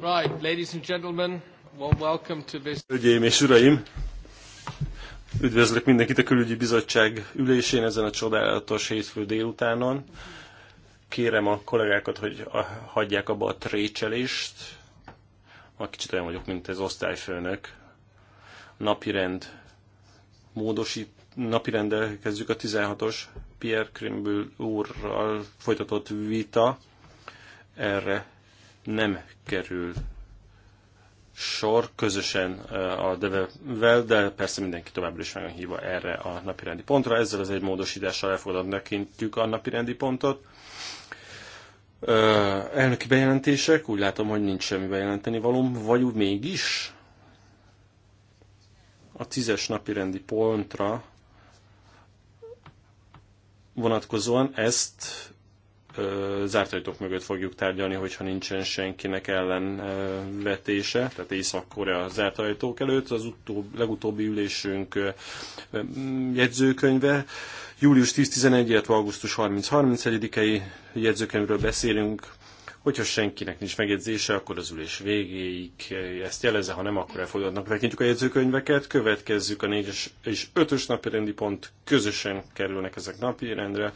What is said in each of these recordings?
Right, ladies and gentlemen, well, welcome to this... Hölgyeim és uraim, üdvözlök mindenkit a külügyi bizottság ülésén ezen a csodálatos hétfő délutánon. Kérem a kollégákat, hogy a, hagyják abba a trécselést. Ma kicsit olyan vagyok, mint az osztályfőnök. Napirend módosít, napirendel kezdjük a 16-os Pierre Krimbül úrral folytatott vita erre nem kerül sor közösen a devevel, de persze mindenki továbbra is meg van hívva erre a napirendi pontra. Ezzel az egy módosítással elfogadott nekintjük a napirendi pontot. Elnöki bejelentések, úgy látom, hogy nincs semmi bejelenteni valóm, vagy úgy mégis a tízes napirendi pontra vonatkozóan ezt zárt ajtók mögött fogjuk tárgyalni, hogyha nincsen senkinek ellenvetése, tehát Észak-Korea zárt ajtók előtt. Az utóbb, legutóbbi ülésünk jegyzőkönyve július 10-11, illetve augusztus 30-31-i jegyzőkönyvről beszélünk. Hogyha senkinek nincs megjegyzése, akkor az ülés végéig ezt jelezze, ha nem, akkor elfogadnak. Tekintjük a jegyzőkönyveket, következzük a 4-es és 5-ös rendi pont, közösen kerülnek ezek napi rendre.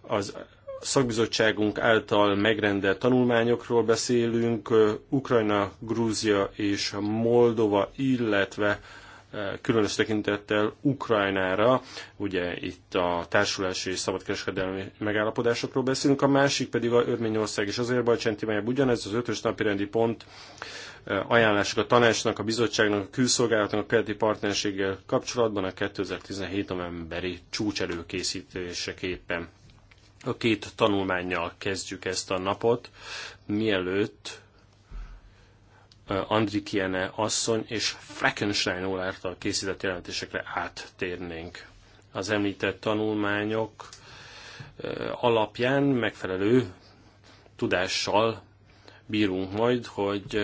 Az szakbizottságunk által megrendelt tanulmányokról beszélünk, Ukrajna, Grúzia és Moldova, illetve különös tekintettel Ukrajnára, ugye itt a társulási és szabadkereskedelmi megállapodásokról beszélünk, a másik pedig a Örményország és az Érbajcsen témájában ugyanez az ötös napi rendi pont ajánlások a tanácsnak, a bizottságnak, a külszolgálatnak a keleti partnerséggel kapcsolatban a 2017 novemberi csúcs a két tanulmányjal kezdjük ezt a napot, mielőtt Andrikiene asszony és Frankenstein úr készített jelentésekre áttérnénk. Az említett tanulmányok alapján megfelelő tudással bírunk majd, hogy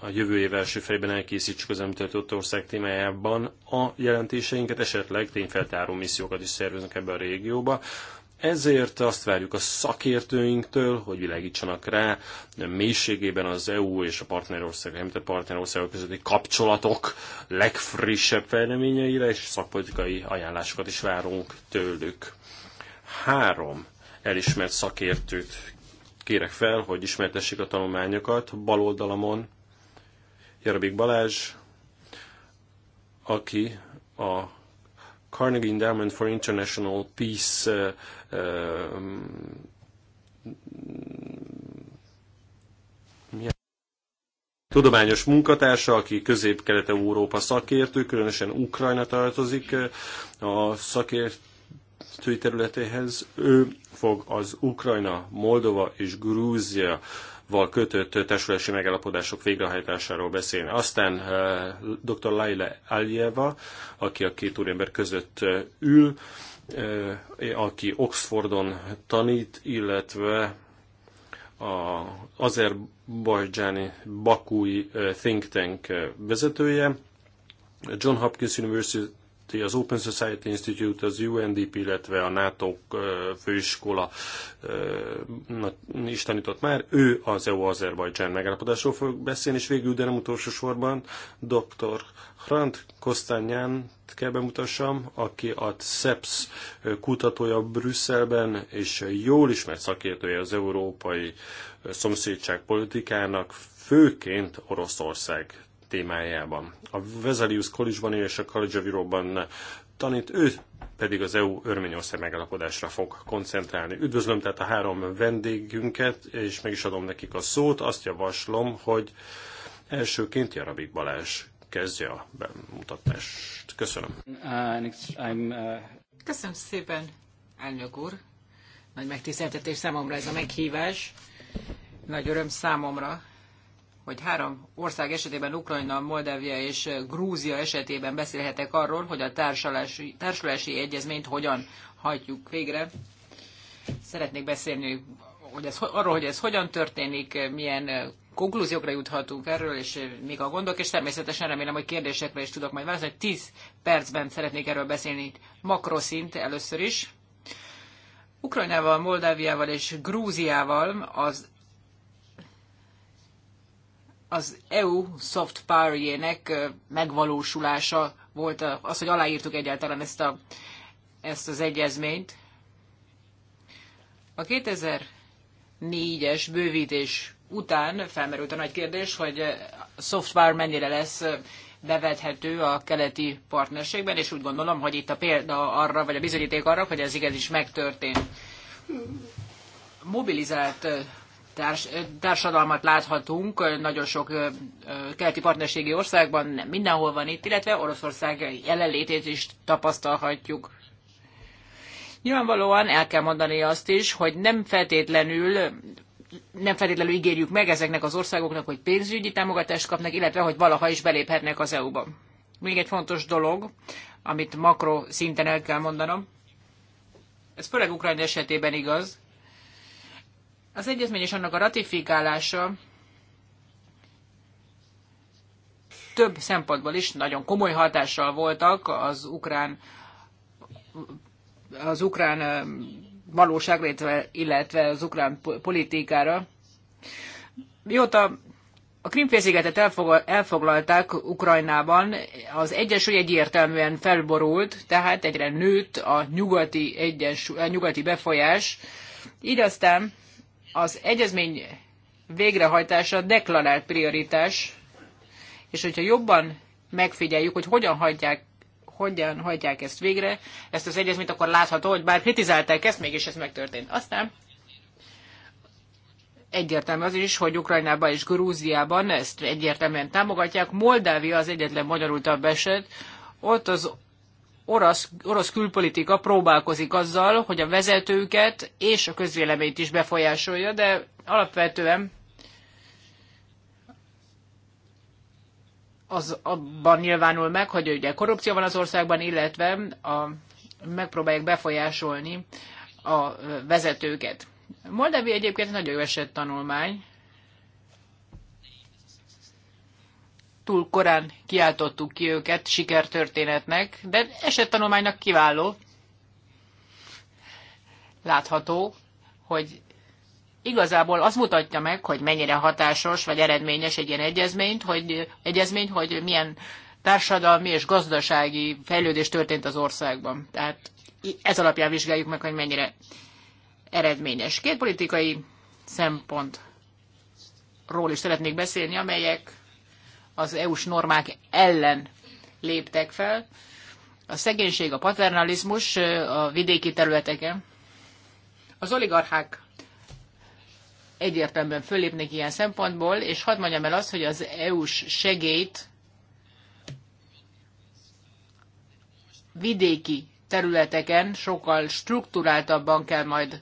a jövő év első felében elkészítsük az említett ország témájában a jelentéseinket, esetleg tényfeltáró missziókat is szervezünk ebbe a régióba. Ezért azt várjuk a szakértőinktől, hogy világítsanak rá mélységében az EU és a partnerországok, említett partnerországok közötti kapcsolatok legfrissebb fejleményeire, és szakpolitikai ajánlásokat is várunk tőlük. Három elismert szakértőt kérek fel, hogy ismertessék a tanulmányokat. Bal oldalamon Jarabik Balázs, aki a Carnegie Endowment for International Peace tudományos munkatársa, aki közép-kelet-európa szakértő, különösen Ukrajna tartozik a szakértői területéhez. Ő fog az Ukrajna, Moldova és Grúzia val kötött társulási megállapodások végrehajtásáról beszélni. Aztán dr. Laila Aljeva, aki a két úriember között ül, aki Oxfordon tanít, illetve a azerbajdzsáni bakúi think tank vezetője, John Hopkins University Society, az Open Society Institute, az UNDP, illetve a NATO főiskola is tanított már. Ő az EU-Azerbajdzsán megállapodásról fog beszélni, és végül, de nem utolsó sorban, dr. Hrant Kostanyán kell bemutassam, aki a CEPS kutatója Brüsszelben, és jól ismert szakértője az európai szomszédság politikának, főként Oroszország témájában. A Vesalius College-ban és a College of Europe-ban tanít, ő pedig az EU-Örményország megalapodásra fog koncentrálni. Üdvözlöm tehát a három vendégünket, és meg is adom nekik a szót. Azt javaslom, hogy elsőként Jarabik Balázs kezdje a bemutatást. Köszönöm. Köszönöm szépen, elnök úr. Nagy megtiszteltetés számomra ez a meghívás. Nagy öröm számomra, hogy három ország esetében, Ukrajna, Moldávia és Grúzia esetében beszélhetek arról, hogy a társulási, társulási egyezményt hogyan hajtjuk végre. Szeretnék beszélni hogy ez, arról, hogy ez hogyan történik, milyen konklúziókra juthatunk erről, és még a gondok, és természetesen remélem, hogy kérdésekre is tudok majd válaszolni. Tíz percben szeretnék erről beszélni makroszint először is. Ukrajnával, Moldáviával és Grúziával az az EU soft power-jének megvalósulása volt az, hogy aláírtuk egyáltalán ezt, a, ezt az egyezményt. A 2004-es bővítés után felmerült a nagy kérdés, hogy a soft power mennyire lesz bevethető a keleti partnerségben, és úgy gondolom, hogy itt a példa arra, vagy a bizonyíték arra, hogy ez igenis megtörtént. Mobilizált társ, társadalmat láthatunk nagyon sok keleti partnerségi országban, nem mindenhol van itt, illetve Oroszország jelenlétét is tapasztalhatjuk. Nyilvánvalóan el kell mondani azt is, hogy nem feltétlenül nem feltétlenül ígérjük meg ezeknek az országoknak, hogy pénzügyi támogatást kapnak, illetve hogy valaha is beléphetnek az EU-ba. Még egy fontos dolog, amit makro szinten el kell mondanom, ez főleg Ukrajna esetében igaz, az egyezmény és annak a ratifikálása több szempontból is nagyon komoly hatással voltak az ukrán az ukrán valóságra, illetve az ukrán politikára. Mióta a Krimfélszigetet elfoglalták Ukrajnában, az egyensúly egyértelműen felborult, tehát egyre nőtt a nyugati, egyensúly, a nyugati befolyás, így aztán az egyezmény végrehajtása deklarált prioritás, és hogyha jobban megfigyeljük, hogy hogyan hagyják hogyan hagyják ezt végre, ezt az egyezményt, akkor látható, hogy bár kritizálták ezt, mégis ez megtörtént. Aztán egyértelmű az is, hogy Ukrajnában és Grúziában ezt egyértelműen támogatják. Moldávia az egyetlen magyarultabb eset. Ott az orosz, orosz külpolitika próbálkozik azzal, hogy a vezetőket és a közvéleményt is befolyásolja, de alapvetően az abban nyilvánul meg, hogy ugye korrupció van az országban, illetve a, megpróbálják befolyásolni a vezetőket. Moldávia egyébként nagyon jó esett tanulmány. túl korán kiáltottuk ki őket sikertörténetnek, de esettanulmánynak kiváló. Látható, hogy igazából az mutatja meg, hogy mennyire hatásos vagy eredményes egy ilyen egyezményt, hogy, egyezmény, hogy milyen társadalmi és gazdasági fejlődés történt az országban. Tehát ez alapján vizsgáljuk meg, hogy mennyire eredményes. Két politikai szempontról is szeretnék beszélni, amelyek az EU-s normák ellen léptek fel. A szegénység, a paternalizmus a vidéki területeken. Az oligarchák egyértelműen fölépnek ilyen szempontból, és hadd mondjam el azt, hogy az EU-s segélyt vidéki területeken sokkal struktúráltabban kell majd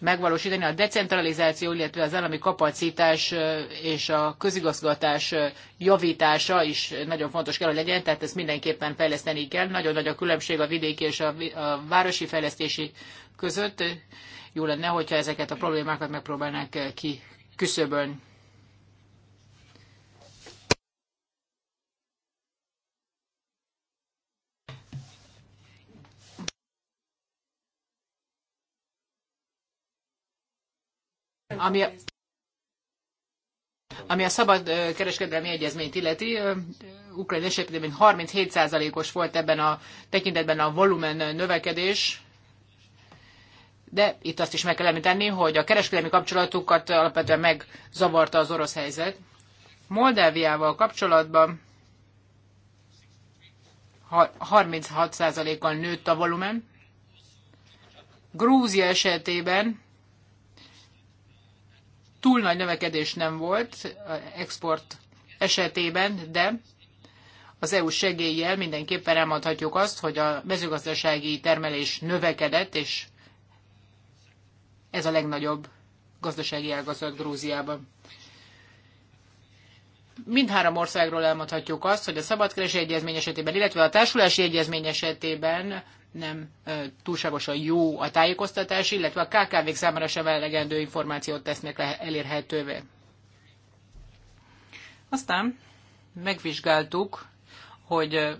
megvalósítani a decentralizáció, illetve az állami kapacitás és a közigazgatás javítása is nagyon fontos kell, hogy legyen, tehát ezt mindenképpen fejleszteni kell. Nagyon nagy a különbség a vidéki és a, városi fejlesztési között. Jó lenne, hogyha ezeket a problémákat megpróbálnák ki Ami a, ami a szabad kereskedelmi egyezményt illeti, Ukrajna esetében mint 37%-os volt ebben a tekintetben a volumen növekedés, de itt azt is meg kell említeni, hogy a kereskedelmi kapcsolatukat alapvetően megzavarta az orosz helyzet. Moldáviával kapcsolatban 36%-kal nőtt a volumen. Grúzia esetében túl nagy növekedés nem volt export esetében, de az EU segéllyel mindenképpen elmondhatjuk azt, hogy a mezőgazdasági termelés növekedett, és ez a legnagyobb gazdasági ágazat Grúziában mindhárom országról elmondhatjuk azt, hogy a szabadkereső egyezmény esetében, illetve a társulási egyezmény esetében nem túlságosan jó a tájékoztatás, illetve a KKV-k számára sem elegendő információt tesznek elérhetővé. Aztán megvizsgáltuk, hogy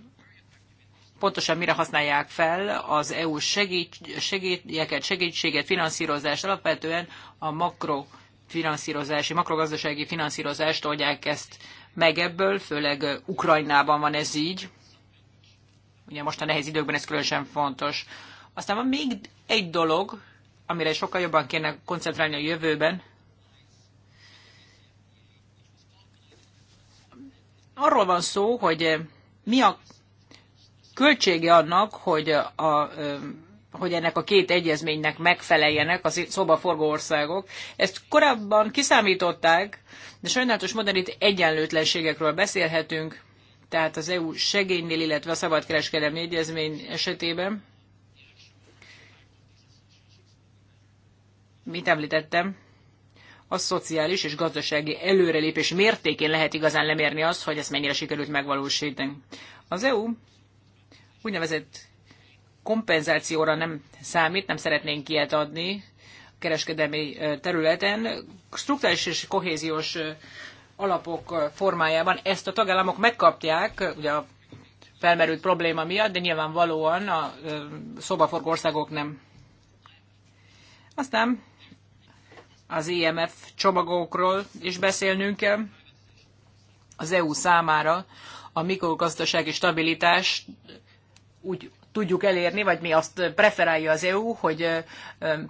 pontosan mire használják fel az EU segít, segítjeket, segítséget, finanszírozást alapvetően a makro finanszírozási, makrogazdasági finanszírozást oldják ezt meg ebből, főleg Ukrajnában van ez így. Ugye most a nehéz időkben ez különösen fontos. Aztán van még egy dolog, amire sokkal jobban kéne koncentrálni a jövőben. Arról van szó, hogy mi a költsége annak, hogy a, a hogy ennek a két egyezménynek megfeleljenek a szobaforgó országok. Ezt korábban kiszámították, de sajnálatos módon itt egyenlőtlenségekről beszélhetünk, tehát az EU segénynél, illetve a szabadkereskedelmi egyezmény esetében. Mit említettem? A szociális és gazdasági előrelépés mértékén lehet igazán lemérni azt, hogy ezt mennyire sikerült megvalósítani. Az EU úgynevezett kompenzációra nem számít, nem szeretnénk ilyet adni a kereskedelmi területen. Struktúrális és kohéziós alapok formájában ezt a tagállamok megkapják, ugye a felmerült probléma miatt, de nyilvánvalóan a szobaforgó országok nem. Aztán az IMF csomagokról is beszélnünk kell. Az EU számára a mikrogazdasági stabilitás úgy tudjuk elérni, vagy mi azt preferálja az EU, hogy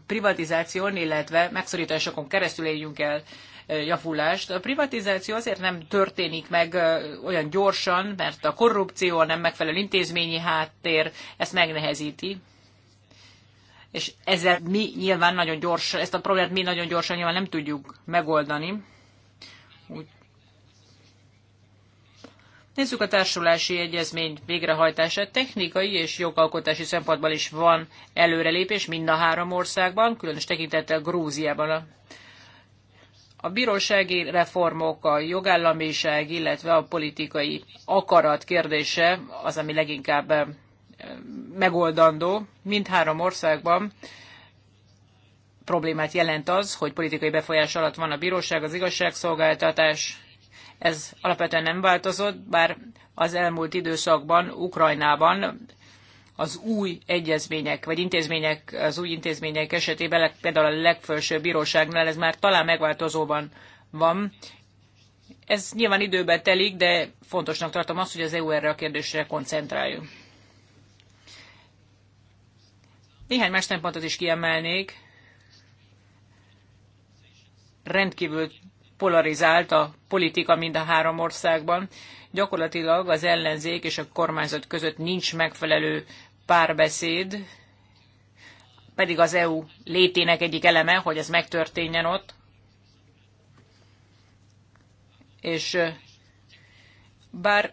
privatizáción, illetve megszorításokon keresztül éljünk el javulást. A privatizáció azért nem történik meg olyan gyorsan, mert a korrupció, a nem megfelelő intézményi háttér ezt megnehezíti. És ezzel mi nyilván nagyon gyorsan, ezt a problémát mi nagyon gyorsan nyilván nem tudjuk megoldani. Úgy, Nézzük a társulási egyezmény végrehajtását. Technikai és jogalkotási szempontból is van előrelépés mind a három országban, különös tekintettel Grúziában a a bírósági reformok, a jogállamiság, illetve a politikai akarat kérdése az, ami leginkább eh, megoldandó. Mindhárom országban problémát jelent az, hogy politikai befolyás alatt van a bíróság, az igazságszolgáltatás, ez alapvetően nem változott, bár az elmúlt időszakban Ukrajnában az új egyezmények, vagy intézmények, az új intézmények esetében, például a legfelsőbb bíróságnál ez már talán megváltozóban van. Ez nyilván időbe telik, de fontosnak tartom azt, hogy az EU erre a kérdésre koncentráljon. Néhány más szempontot is kiemelnék. Rendkívül polarizált a politika mind a három országban. Gyakorlatilag az ellenzék és a kormányzat között nincs megfelelő párbeszéd, pedig az EU létének egyik eleme, hogy ez megtörténjen ott. És bár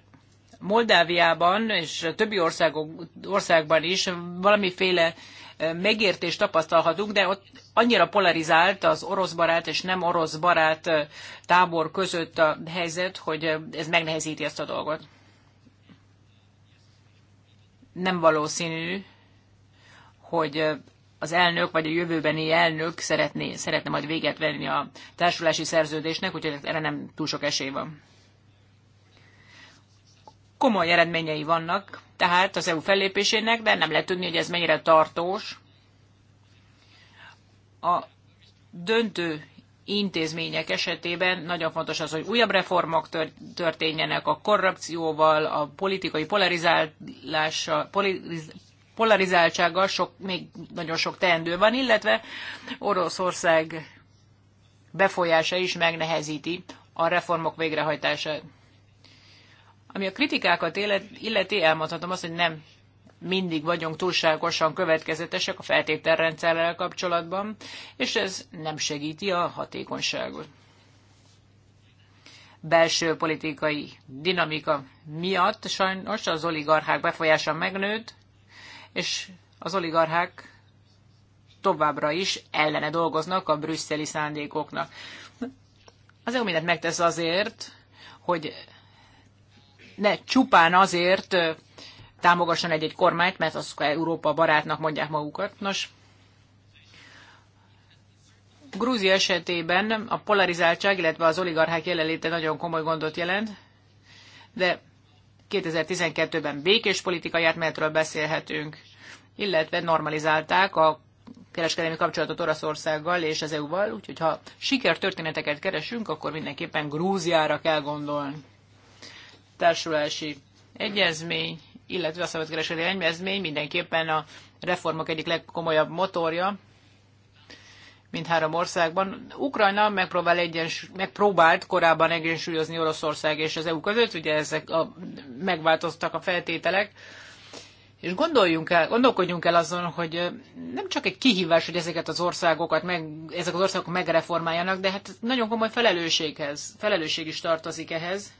Moldáviában és többi országok, országban is valamiféle megértést tapasztalhatunk, de ott annyira polarizált az orosz barát és nem orosz barát tábor között a helyzet, hogy ez megnehezíti ezt a dolgot. Nem valószínű, hogy az elnök, vagy a jövőbeni elnök szeretné, szeretne majd véget venni a társulási szerződésnek, úgyhogy erre nem túl sok esély van komoly eredményei vannak, tehát az EU fellépésének, de nem lehet tudni, hogy ez mennyire tartós. A döntő intézmények esetében nagyon fontos az, hogy újabb reformok történjenek a korrupcióval, a politikai polarizálással, polariz, polarizáltsággal sok, még nagyon sok teendő van, illetve Oroszország befolyása is megnehezíti a reformok végrehajtását. Ami a kritikákat illeti, elmondhatom azt, hogy nem mindig vagyunk túlságosan következetesek a feltételrendszerrel kapcsolatban, és ez nem segíti a hatékonyságot. Belső politikai dinamika miatt sajnos az oligarchák befolyása megnőtt, és az oligarchák továbbra is ellene dolgoznak a brüsszeli szándékoknak. Az EU mindent megtesz azért, hogy ne csupán azért támogasson egy-egy kormányt, mert az Európa barátnak mondják magukat. Nos, Grúzia esetében a polarizáltság, illetve az oligarchák jelenléte nagyon komoly gondot jelent, de 2012-ben békés politikai átmenetről beszélhetünk, illetve normalizálták a kereskedelmi kapcsolatot Oroszországgal és az EU-val, úgyhogy ha sikertörténeteket keresünk, akkor mindenképpen Grúziára kell gondolni társulási egyezmény, illetve a szabadkereskedelmi egyezmény mindenképpen a reformok egyik legkomolyabb motorja mint három országban. Ukrajna megpróbál egyens, megpróbált korábban egyensúlyozni Oroszország és az EU között, ugye ezek a, megváltoztak a feltételek, és gondoljunk el, gondolkodjunk el azon, hogy nem csak egy kihívás, hogy ezeket az országokat, meg, ezek az országok megreformáljanak, de hát nagyon komoly felelősséghez, felelősség is tartozik ehhez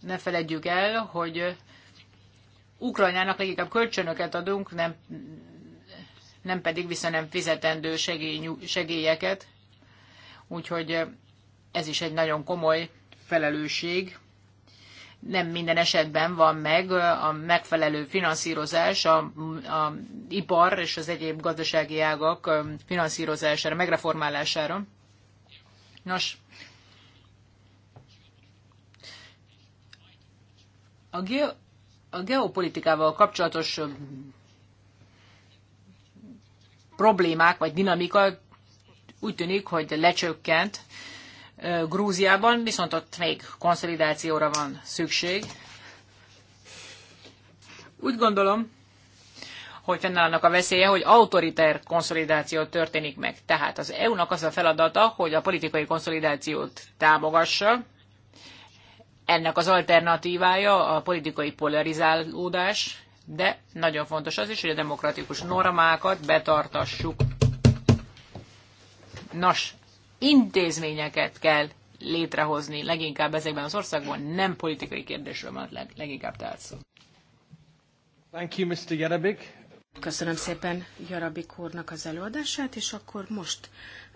ne feledjük el, hogy Ukrajnának leginkább kölcsönöket adunk, nem, nem pedig vissza nem fizetendő segély, segélyeket. Úgyhogy ez is egy nagyon komoly felelősség. Nem minden esetben van meg a megfelelő finanszírozás, a, a ipar és az egyéb gazdasági ágak finanszírozására, megreformálására. Nos, A, ge- a geopolitikával kapcsolatos problémák vagy dinamika úgy tűnik, hogy lecsökkent Grúziában, viszont ott még konszolidációra van szükség. Úgy gondolom, hogy fennállnak a veszélye, hogy autoriter konszolidáció történik meg. Tehát az EU-nak az a feladata, hogy a politikai konszolidációt támogassa, ennek az alternatívája a politikai polarizálódás, de nagyon fontos az is, hogy a demokratikus normákat betartassuk. Nos, intézményeket kell létrehozni, leginkább ezekben az országban nem politikai kérdésről van leginkább tehát szó. Thank you, Mr. Jarabik. Köszönöm szépen Jarabik úrnak az előadását, és akkor most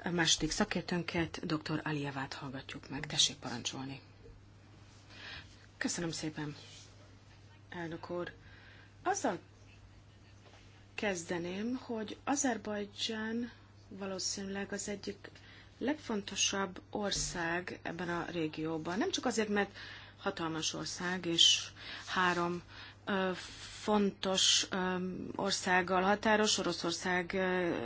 a második szakértőnket, dr. Alievát hallgatjuk meg. Tessék parancsolni. Köszönöm szépen, elnök úr. Azzal kezdeném, hogy Azerbajdzsán valószínűleg az egyik legfontosabb ország ebben a régióban. Nem csak azért, mert hatalmas ország, és három ö, fontos ö, országgal határos, Oroszország ö,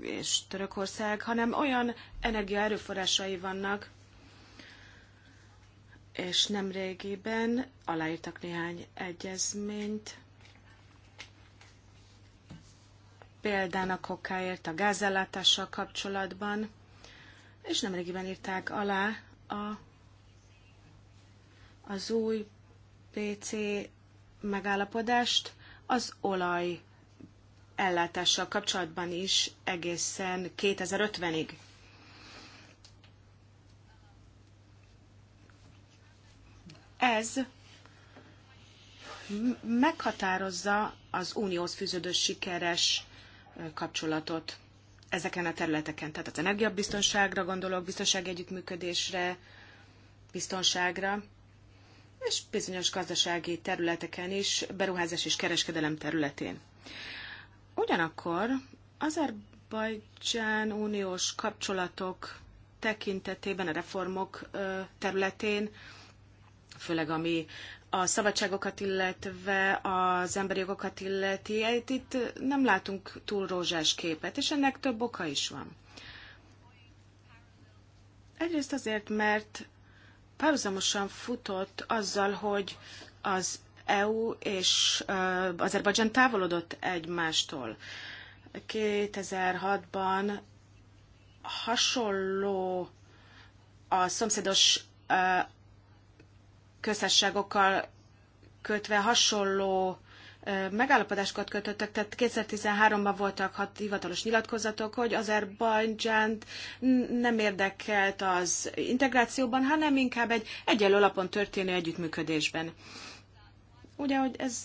és Törökország, hanem olyan energiaerőforrásai vannak, és nemrégiben aláírtak néhány egyezményt, például a kokáért a gázellátással kapcsolatban, és nemrégiben írták alá a, az új PC megállapodást az olaj ellátással kapcsolatban is egészen 2050-ig. ez meghatározza az unióhoz fűződő sikeres kapcsolatot ezeken a területeken. Tehát az energiabiztonságra gondolok, biztonság együttműködésre, biztonságra, és bizonyos gazdasági területeken is, beruházás és kereskedelem területén. Ugyanakkor Azerbajdzsán uniós kapcsolatok tekintetében a reformok területén főleg ami a szabadságokat, illetve az emberi jogokat illeti, itt nem látunk túl rózsás képet, és ennek több oka is van. Egyrészt azért, mert párhuzamosan futott azzal, hogy az EU és uh, Azerbajdzsán távolodott egymástól. 2006-ban hasonló a szomszédos uh, köztársaságokkal kötve hasonló megállapodásokat kötöttek, tehát 2013-ban voltak hat hivatalos nyilatkozatok, hogy Azerbajdzsánt nem érdekelt az integrációban, hanem inkább egy egyenlő lapon történő együttműködésben. Ugye, hogy ez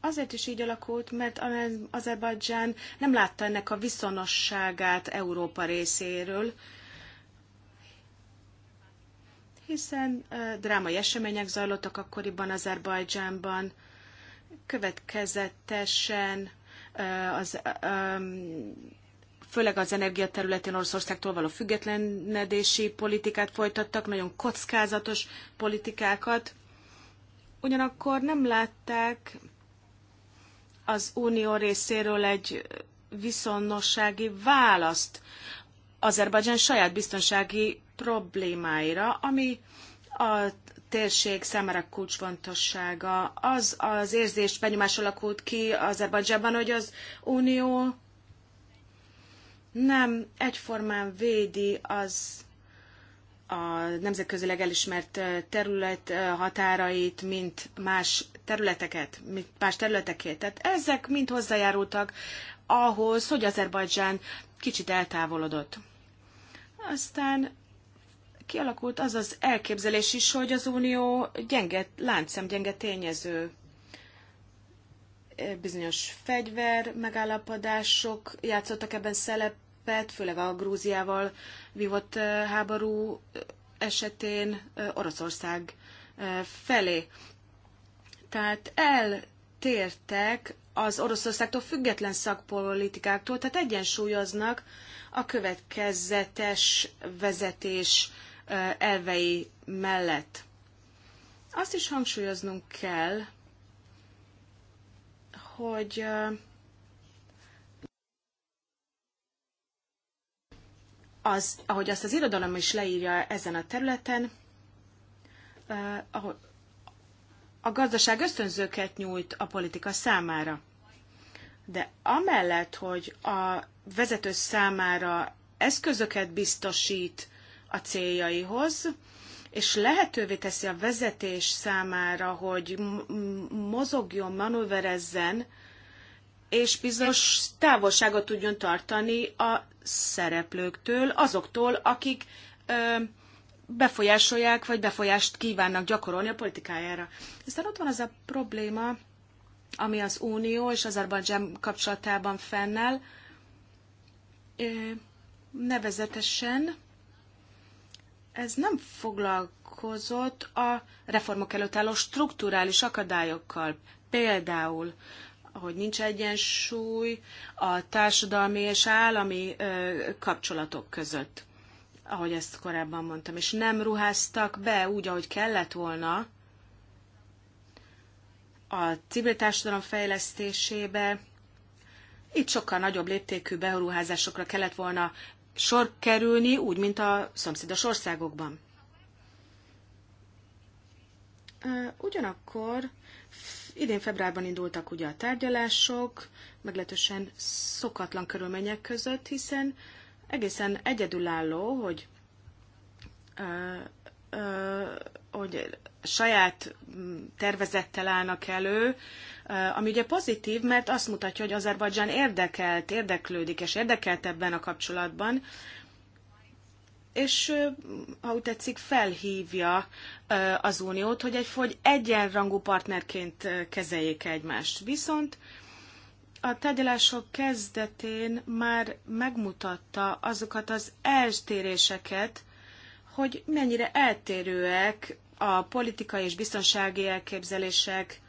azért is így alakult, mert Azerbajdzsán nem látta ennek a viszonosságát Európa részéről, hiszen drámai események zajlottak akkoriban Azerbajdzsánban, következetesen az, főleg az energiaterületén Oroszországtól való függetlenedési politikát folytattak, nagyon kockázatos politikákat. Ugyanakkor nem látták az unió részéről egy viszonossági választ Azerbajdzsán saját biztonsági problémáira, ami a térség számára kulcsfontossága. Az az érzés, benyomás alakult ki Azerbajdzsában, hogy az Unió nem egyformán védi az a nemzetközileg elismert terület határait, mint más területeket, mint más területekét. Tehát ezek mind hozzájárultak ahhoz, hogy Azerbajdzsán kicsit eltávolodott. Aztán kialakult az az elképzelés is, hogy az Unió gyenge, gyenge tényező e, bizonyos fegyver megállapodások játszottak ebben szerepet, főleg a Grúziával vívott e, háború e, esetén Oroszország felé. Tehát eltértek az Oroszországtól független szakpolitikáktól, tehát egyensúlyoznak a következetes vezetés elvei mellett. Azt is hangsúlyoznunk kell, hogy az, ahogy azt az irodalom is leírja ezen a területen, a gazdaság ösztönzőket nyújt a politika számára. De amellett, hogy a vezető számára eszközöket biztosít a céljaihoz, és lehetővé teszi a vezetés számára, hogy mozogjon, manőverezzen, és bizonyos távolságot tudjon tartani a szereplőktől, azoktól, akik ö, befolyásolják, vagy befolyást kívánnak gyakorolni a politikájára. Aztán ott van az a probléma, ami az Unió és Azerbajdzsán kapcsolatában fennel, ö, nevezetesen ez nem foglalkozott a reformok előtt álló strukturális akadályokkal. Például, hogy nincs egyensúly a társadalmi és állami kapcsolatok között, ahogy ezt korábban mondtam, és nem ruháztak be úgy, ahogy kellett volna a civil társadalom fejlesztésébe, itt sokkal nagyobb léptékű beruházásokra kellett volna sor kerülni, úgy, mint a szomszédos országokban. Ugyanakkor idén februárban indultak ugye a tárgyalások, meglehetősen szokatlan körülmények között, hiszen egészen egyedülálló, hogy ö, ö, hogy saját mm, tervezettel állnak elő, ami ugye pozitív, mert azt mutatja, hogy Azerbajdzsán érdekelt, érdeklődik, és érdekelt ebben a kapcsolatban, és ha úgy tetszik, felhívja az uniót, hogy egy fogy egyenrangú partnerként kezeljék egymást. Viszont a tárgyalások kezdetén már megmutatta azokat az eltéréseket, hogy mennyire eltérőek a politikai és biztonsági elképzelések,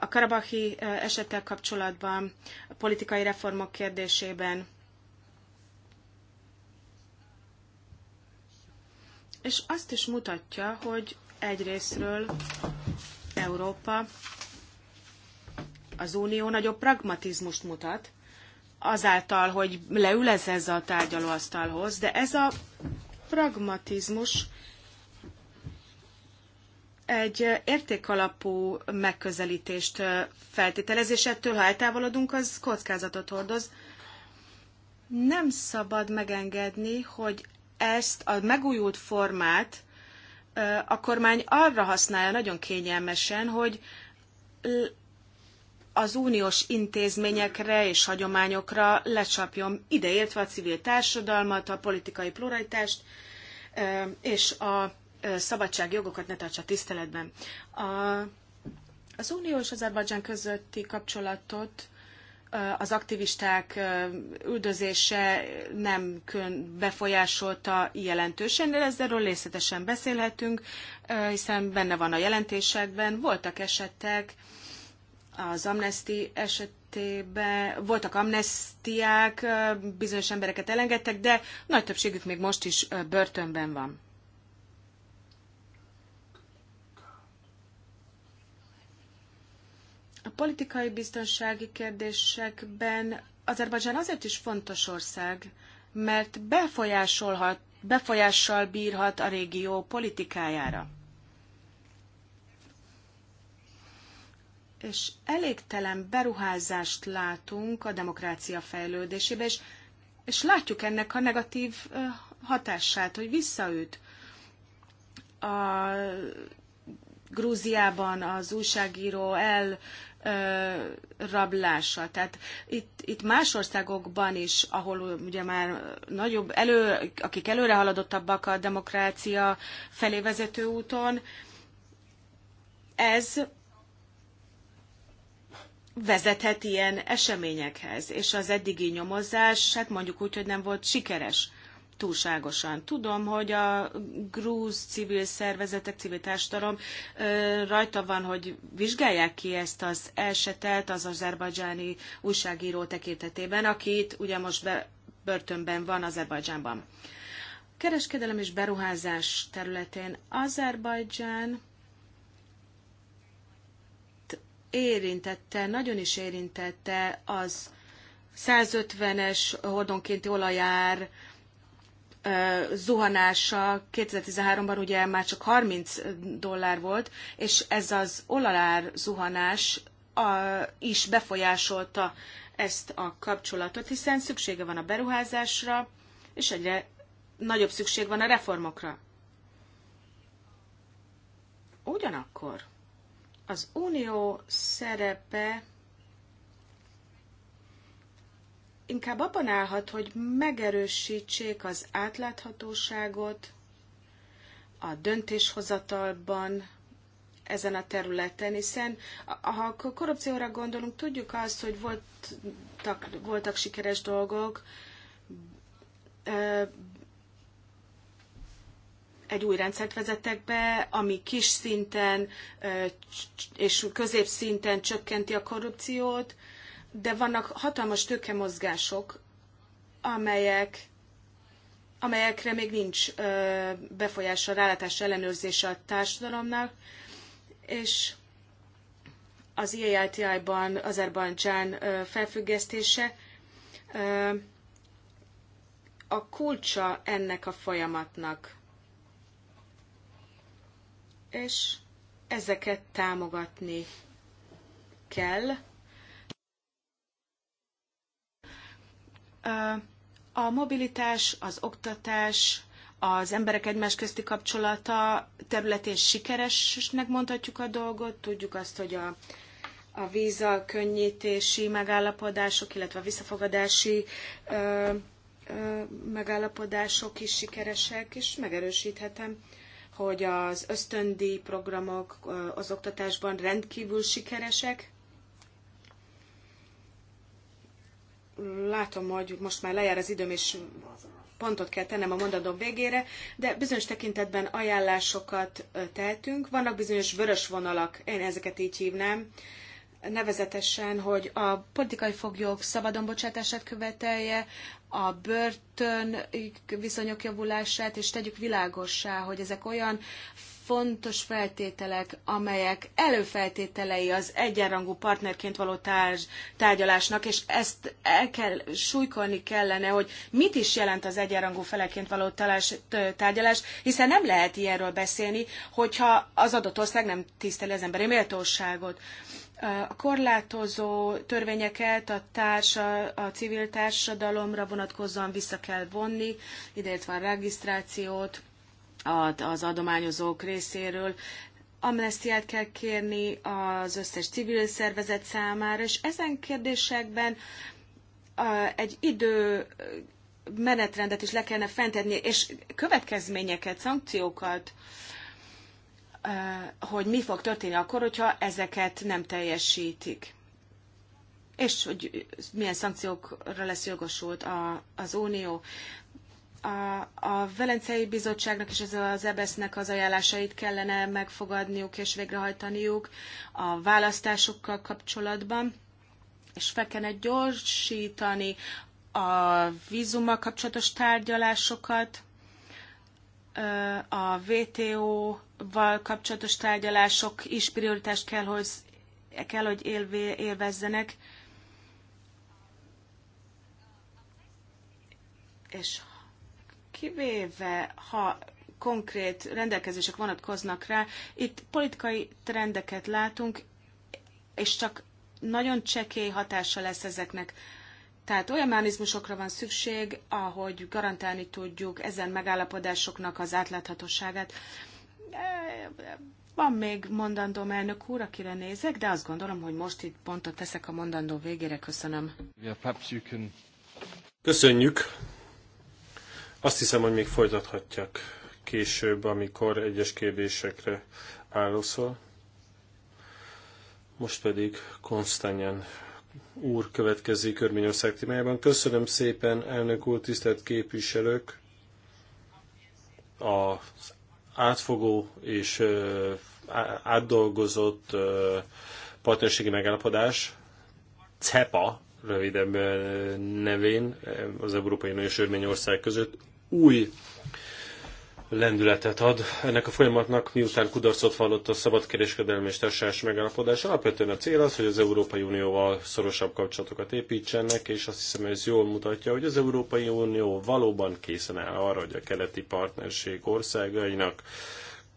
a karabahi esettel kapcsolatban, a politikai reformok kérdésében. És azt is mutatja, hogy egyrésztről Európa az Unió nagyobb pragmatizmust mutat, azáltal, hogy leül ez, ez a tárgyalóasztalhoz, de ez a pragmatizmus egy értékalapú megközelítést feltételez, és ettől, ha eltávolodunk, az kockázatot hordoz. Nem szabad megengedni, hogy ezt a megújult formát a kormány arra használja nagyon kényelmesen, hogy az uniós intézményekre és hagyományokra lecsapjon, ideértve a civil társadalmat, a politikai pluralitást és a szabadságjogokat ne tartsa tiszteletben. A, az Unió és Azerbajdzsán közötti kapcsolatot az aktivisták üldözése nem befolyásolta jelentősen, de ezzelről részletesen beszélhetünk, hiszen benne van a jelentésekben. Voltak esetek, az amnesti esetében voltak amnestiák, bizonyos embereket elengedtek, de nagy többségük még most is börtönben van. A politikai biztonsági kérdésekben Azerbajdzsán azért is fontos ország, mert befolyásolhat, befolyással bírhat a régió politikájára. És elégtelen beruházást látunk a demokrácia fejlődésébe, és, és látjuk ennek a negatív hatását, hogy visszaüt. A Grúziában az újságíró el rablása. Tehát itt, itt más országokban is, ahol ugye már nagyobb, elő, akik előre haladottabbak a demokrácia felé vezető úton, ez vezethet ilyen eseményekhez, és az eddigi nyomozás, hát mondjuk úgy, hogy nem volt sikeres túlságosan. Tudom, hogy a grúz civil szervezetek, civil társadalom rajta van, hogy vizsgálják ki ezt az esetet az azerbajdzsáni újságíró tekintetében, akit ugye most be, börtönben van Azerbajdzsánban. Kereskedelem és beruházás területén Azerbajdzsán érintette, nagyon is érintette az 150-es hordonkénti olajár zuhanása 2013-ban ugye már csak 30 dollár volt, és ez az olajár zuhanás a, is befolyásolta ezt a kapcsolatot, hiszen szüksége van a beruházásra, és egyre nagyobb szükség van a reformokra. Ugyanakkor az unió szerepe inkább abban állhat, hogy megerősítsék az átláthatóságot a döntéshozatalban, ezen a területen, hiszen ha a korrupcióra gondolunk, tudjuk azt, hogy voltak, voltak sikeres dolgok, egy új rendszert vezettek be, ami kis szinten és középszinten csökkenti a korrupciót, de vannak hatalmas tőkemozgások, amelyek, amelyekre még nincs ö, befolyása, rálátása, ellenőrzése a társadalomnak, és az IAITI-ban e Azerbajdzsán felfüggesztése ö, a kulcsa ennek a folyamatnak. És ezeket támogatni kell A mobilitás, az oktatás, az emberek egymás közti kapcsolata területén sikeresnek mondhatjuk a dolgot. Tudjuk azt, hogy a, a víza könnyítési megállapodások, illetve a visszafogadási ö, ö, megállapodások is sikeresek, és megerősíthetem, hogy az ösztöndi programok az oktatásban rendkívül sikeresek, látom, hogy most már lejár az időm, és pontot kell tennem a mondatom végére, de bizonyos tekintetben ajánlásokat tehetünk. Vannak bizonyos vörös vonalak, én ezeket így hívnám, nevezetesen, hogy a politikai foglyok szabadon bocsátását követelje, a börtön viszonyok javulását, és tegyük világossá, hogy ezek olyan fontos feltételek, amelyek előfeltételei az egyenrangú partnerként való tárgy, tárgyalásnak, és ezt el kell, súlykolni kellene, hogy mit is jelent az egyenrangú feleként való tárgyalás, tárgyalás, hiszen nem lehet ilyenről beszélni, hogyha az adott ország nem tiszteli az emberi méltóságot. A korlátozó törvényeket a, társa, a civil társadalomra vonatkozóan vissza kell vonni, ideértve a regisztrációt, az adományozók részéről, amnestiát kell kérni az összes civil szervezet számára, és ezen kérdésekben egy idő menetrendet is le kellene fentetni, és következményeket, szankciókat, hogy mi fog történni akkor, hogyha ezeket nem teljesítik. És hogy milyen szankciókra lesz jogosult a, az Unió a, a Velencei Bizottságnak és az EBESZ-nek az ajánlásait kellene megfogadniuk és végrehajtaniuk a választásokkal kapcsolatban, és fel kellene gyorsítani a vízummal kapcsolatos tárgyalásokat, a WTO-val kapcsolatos tárgyalások is prioritást kell, hogy, kell, hogy élve élvezzenek. És kivéve ha konkrét rendelkezések vonatkoznak rá, itt politikai trendeket látunk, és csak nagyon csekély hatása lesz ezeknek. Tehát olyan mechanizmusokra van szükség, ahogy garantálni tudjuk ezen megállapodásoknak az átláthatóságát. E, van még mondandóm elnök úr, akire nézek, de azt gondolom, hogy most itt pontot teszek a mondandó végére. Köszönöm. Köszönjük. Azt hiszem, hogy még folytathatják később, amikor egyes kérdésekre válaszol. Most pedig Konstanyan úr következik Körményország témájában. Köszönöm szépen, elnök úr, tisztelt képviselők! Az átfogó és átdolgozott partnerségi megállapodás, CEPA röviden nevén, az Európai Unió és Örményország között új lendületet ad ennek a folyamatnak, miután kudarcot vallott a szabadkereskedelmi és társas megállapodás. Alapvetően a cél az, hogy az Európai Unióval szorosabb kapcsolatokat építsenek, és azt hiszem ez jól mutatja, hogy az Európai Unió valóban készen áll arra, hogy a keleti partnerség országainak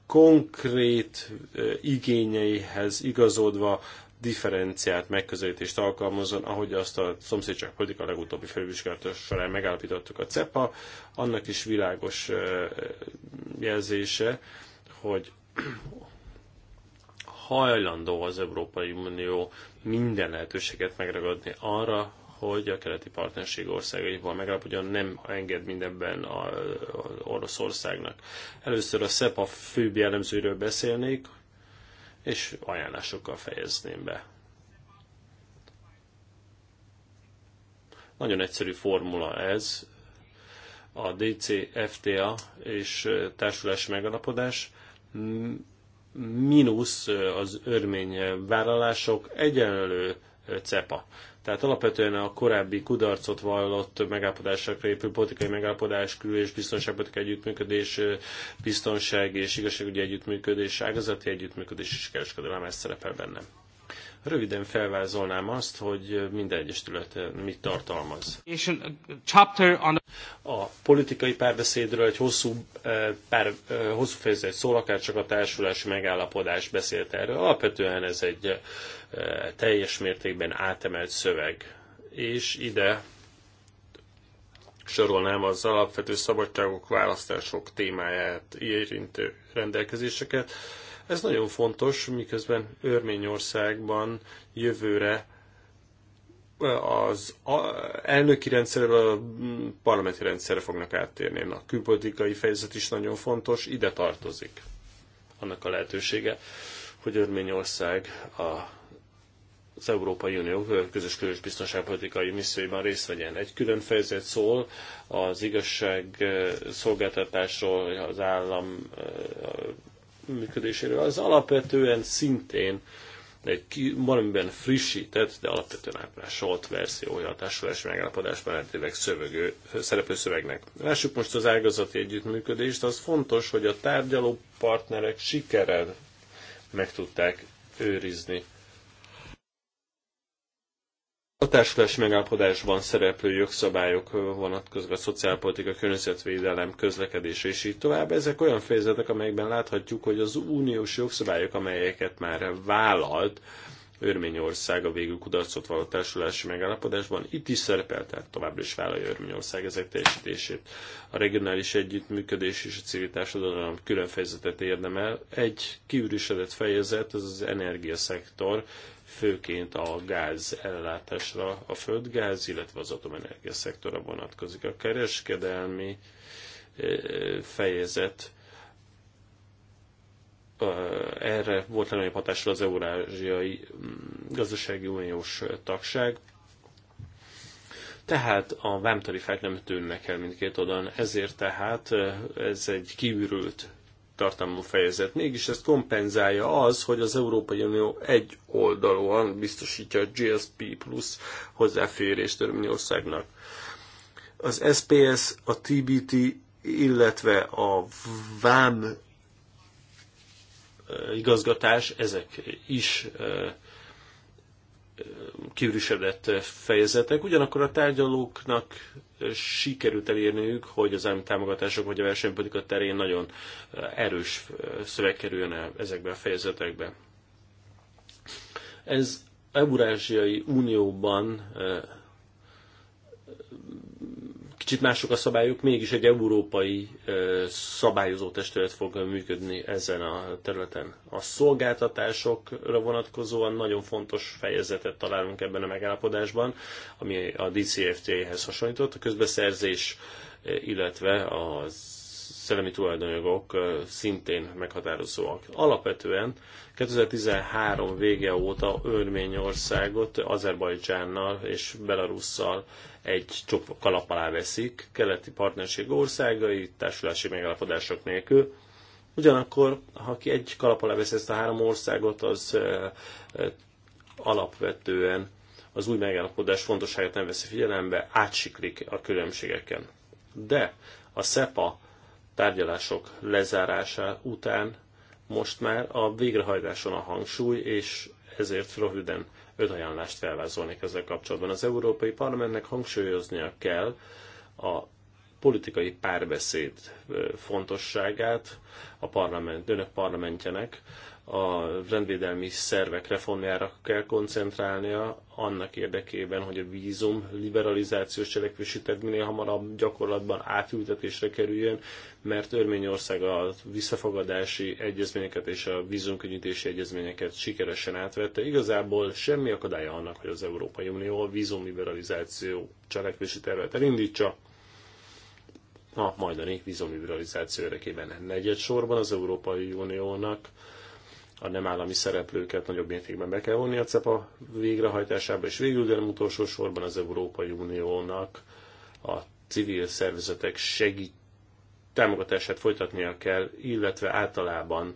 konkrét eh, igényeihez igazodva differenciált megközelítést alkalmazzon, ahogy azt a szomszédság politika legutóbbi felvizsgálata során megállapítottuk a CEPA, annak is világos jelzése, hogy hajlandó az Európai Unió minden lehetőséget megragadni arra, hogy a keleti partnerség országaival megállapodjon, nem enged mindenben az Oroszországnak. Először a SEPA főbb jellemzőről beszélnék, és ajánlásokkal fejezném be. Nagyon egyszerű formula ez, a DCFTA és társulási megalapodás mínusz az örmény vállalások egyenlő cepa. Tehát alapvetően a korábbi kudarcot vallott megállapodásokra épül politikai megállapodás, kül- és biztonságpolitikai együttműködés, biztonság és igazságügyi együttműködés, ágazati együttműködés és kereskedelem, ez szerepel benne. Röviden felvázolnám azt, hogy minden egyes tület eh, mit tartalmaz. A politikai párbeszédről egy hosszú, eh, pár, eh, hosszú fejezet szól, akár csak a társulási megállapodás beszélt erről. Alapvetően ez egy teljes mértékben átemelt szöveg, és ide sorolnám az alapvető szabadságok, választások témáját érintő rendelkezéseket, ez nagyon fontos, miközben Örményországban jövőre az elnöki rendszerről a parlamenti rendszerre fognak áttérni. A külpolitikai fejezet is nagyon fontos, ide tartozik annak a lehetősége, hogy Örményország a az Európai Unió közös közös biztonságpolitikai misszióiban részt vegyen. Egy külön fejezet szól az igazság szolgáltatásról, az állam működéséről, az alapvetően szintén egy valamiben frissített, de alapvetően áprásolt verziója a társulási megállapodásban eltérek hát szövegő, szereplő szövegnek. Lássuk most az ágazati együttműködést. Az fontos, hogy a tárgyaló partnerek sikeren meg tudták őrizni a társulás megállapodásban szereplő jogszabályok vonatkozva a szociálpolitika, környezetvédelem, közlekedés és így tovább. Ezek olyan fejezetek, amelyekben láthatjuk, hogy az uniós jogszabályok, amelyeket már vállalt Örményország a végül kudarcot való társulási megállapodásban, itt is szerepel, tehát továbbra is vállalja Örményország ezek teljesítését. A regionális együttműködés és a civil társadalom külön fejezetet érdemel. Egy kiürisedett fejezet, az az energiaszektor, főként a gáz ellátásra, a földgáz, illetve az atomenergia szektora vonatkozik. A kereskedelmi fejezet erre volt legnagyobb hatással az Eurázsiai mm, Gazdasági Uniós tagság. Tehát a vámtarifák nem tűnnek el mindkét oldalon, ezért tehát ez egy kiürült tartalmú fejezet. Mégis ezt kompenzálja az, hogy az Európai Unió egy oldalúan biztosítja a GSP plusz hozzáférést Törményországnak. Az SPS, a TBT, illetve a VAM igazgatás, ezek is kiürüsedett fejezetek. Ugyanakkor a tárgyalóknak sikerült elérniük, hogy az állami támogatások vagy a versenypolitika terén nagyon eh, erős eh, szöveg kerüljön el ezekbe a fejezetekbe. Ez Eurázsiai Unióban eh, kicsit mások a szabályok, mégis egy európai szabályozó testület fog működni ezen a területen. A szolgáltatásokra vonatkozóan nagyon fontos fejezetet találunk ebben a megállapodásban, ami a DCFTA-hez hasonlított, a közbeszerzés, illetve a szellemi tulajdonjogok szintén meghatározóak. Alapvetően 2013 vége óta Örményországot Azerbajdzsánnal és Belarusszal egy csop kalap alá veszik, keleti partnerség országai, társulási megállapodások nélkül. Ugyanakkor, ha ki egy kalap alá veszi ezt a három országot, az alapvetően az új megállapodás fontosságát nem veszi figyelembe, átsiklik a különbségeken. De a SEPA tárgyalások lezárása után most már a végrehajtáson a hangsúly, és ezért röviden öt ajánlást felvázolnék ezzel kapcsolatban. Az Európai Parlamentnek hangsúlyoznia kell a politikai párbeszéd fontosságát a parlament, önök parlamentjenek a rendvédelmi szervek reformjára kell koncentrálnia, annak érdekében, hogy a vízum liberalizációs cselekvési terv minél hamarabb gyakorlatban átültetésre kerüljön, mert Örményország a visszafogadási egyezményeket és a vízumkönnyítési egyezményeket sikeresen átvette. Igazából semmi akadálya annak, hogy az Európai Unió a vízum liberalizáció cselekvési tervet elindítsa, a majdani vízumliberalizáció érdekében negyed sorban az Európai Uniónak a nem állami szereplőket nagyobb mértékben be kell vonni a CEPA végrehajtásába, és végül, de nem utolsó sorban az Európai Uniónak a civil szervezetek segít támogatását folytatnia kell, illetve általában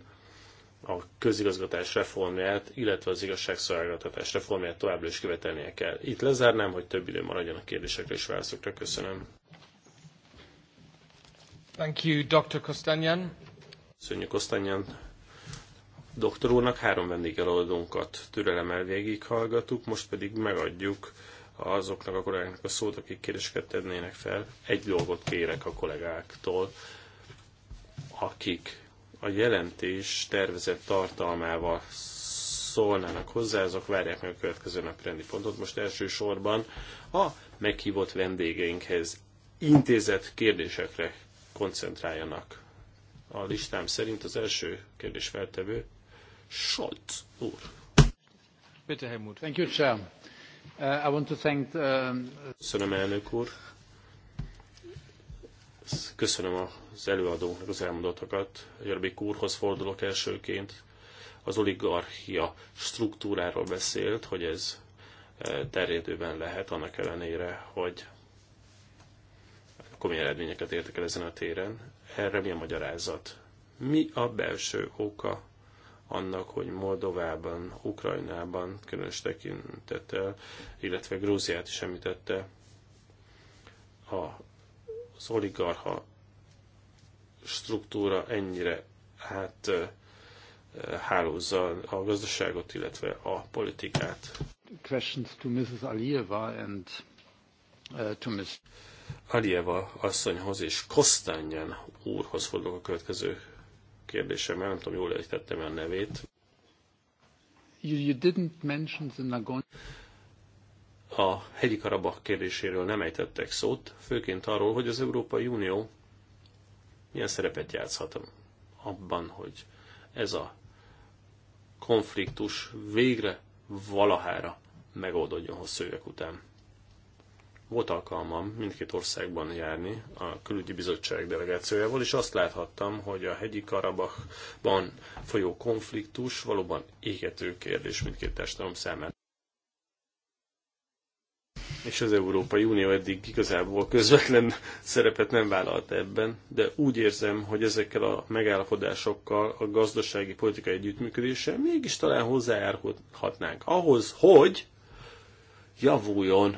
a közigazgatás reformját, illetve az igazságszolgáltatás reformját továbbra is követelnie kell. Itt lezárnám, hogy több idő maradjon a kérdésekre és válaszokra. Köszönöm. Thank you, Dr. Kostanyan. Köszönjük, Kostanyan doktor úrnak három vendégeladónkat türelemmel hallgatuk. most pedig megadjuk azoknak a kollégáknak a szót, akik kérdéseket tennének fel. Egy dolgot kérek a kollégáktól, akik a jelentés tervezett tartalmával szólnának hozzá, azok várják meg a következő naprendi pontot. Most elsősorban a meghívott vendégeinkhez intézett kérdésekre koncentráljanak. A listám szerint az első kérdés feltevő Scholz úr. Bitte, Helmut. Thank you, Chair. Uh, I want to thank uh, Köszönöm, elnök úr. Köszönöm az előadó, az elmondottakat. Jörbik úrhoz fordulok elsőként. Az oligarchia struktúráról beszélt, hogy ez uh, terjedőben lehet, annak ellenére, hogy komoly eredményeket értek el ezen a téren. Erre mi a magyarázat? Mi a belső oka annak, hogy Moldovában, Ukrajnában különös tekintettel, illetve Grúziát is említette a, az oligarha struktúra ennyire hát hálózza a gazdaságot, illetve a politikát. Questions to Mrs. Alieva and uh, to Ms. Alieva asszonyhoz és Kostányan úrhoz fordulok a következő mert nem tudom, jól értettem a nevét. You, you didn't mention the Nagon a hegyi Karabakh kérdéséről nem ejtettek szót, főként arról, hogy az Európai Unió milyen szerepet játszhat abban, hogy ez a konfliktus végre valahára megoldódjon hosszú évek után. Volt alkalmam mindkét országban járni a külügyi bizottság delegációjával, és azt láthattam, hogy a hegyi Karabachban folyó konfliktus valóban égető kérdés mindkét testem számára és az Európai Unió eddig igazából közvetlen szerepet nem vállalt ebben, de úgy érzem, hogy ezekkel a megállapodásokkal a gazdasági politikai együttműködéssel mégis talán hozzájárulhatnánk ahhoz, hogy javuljon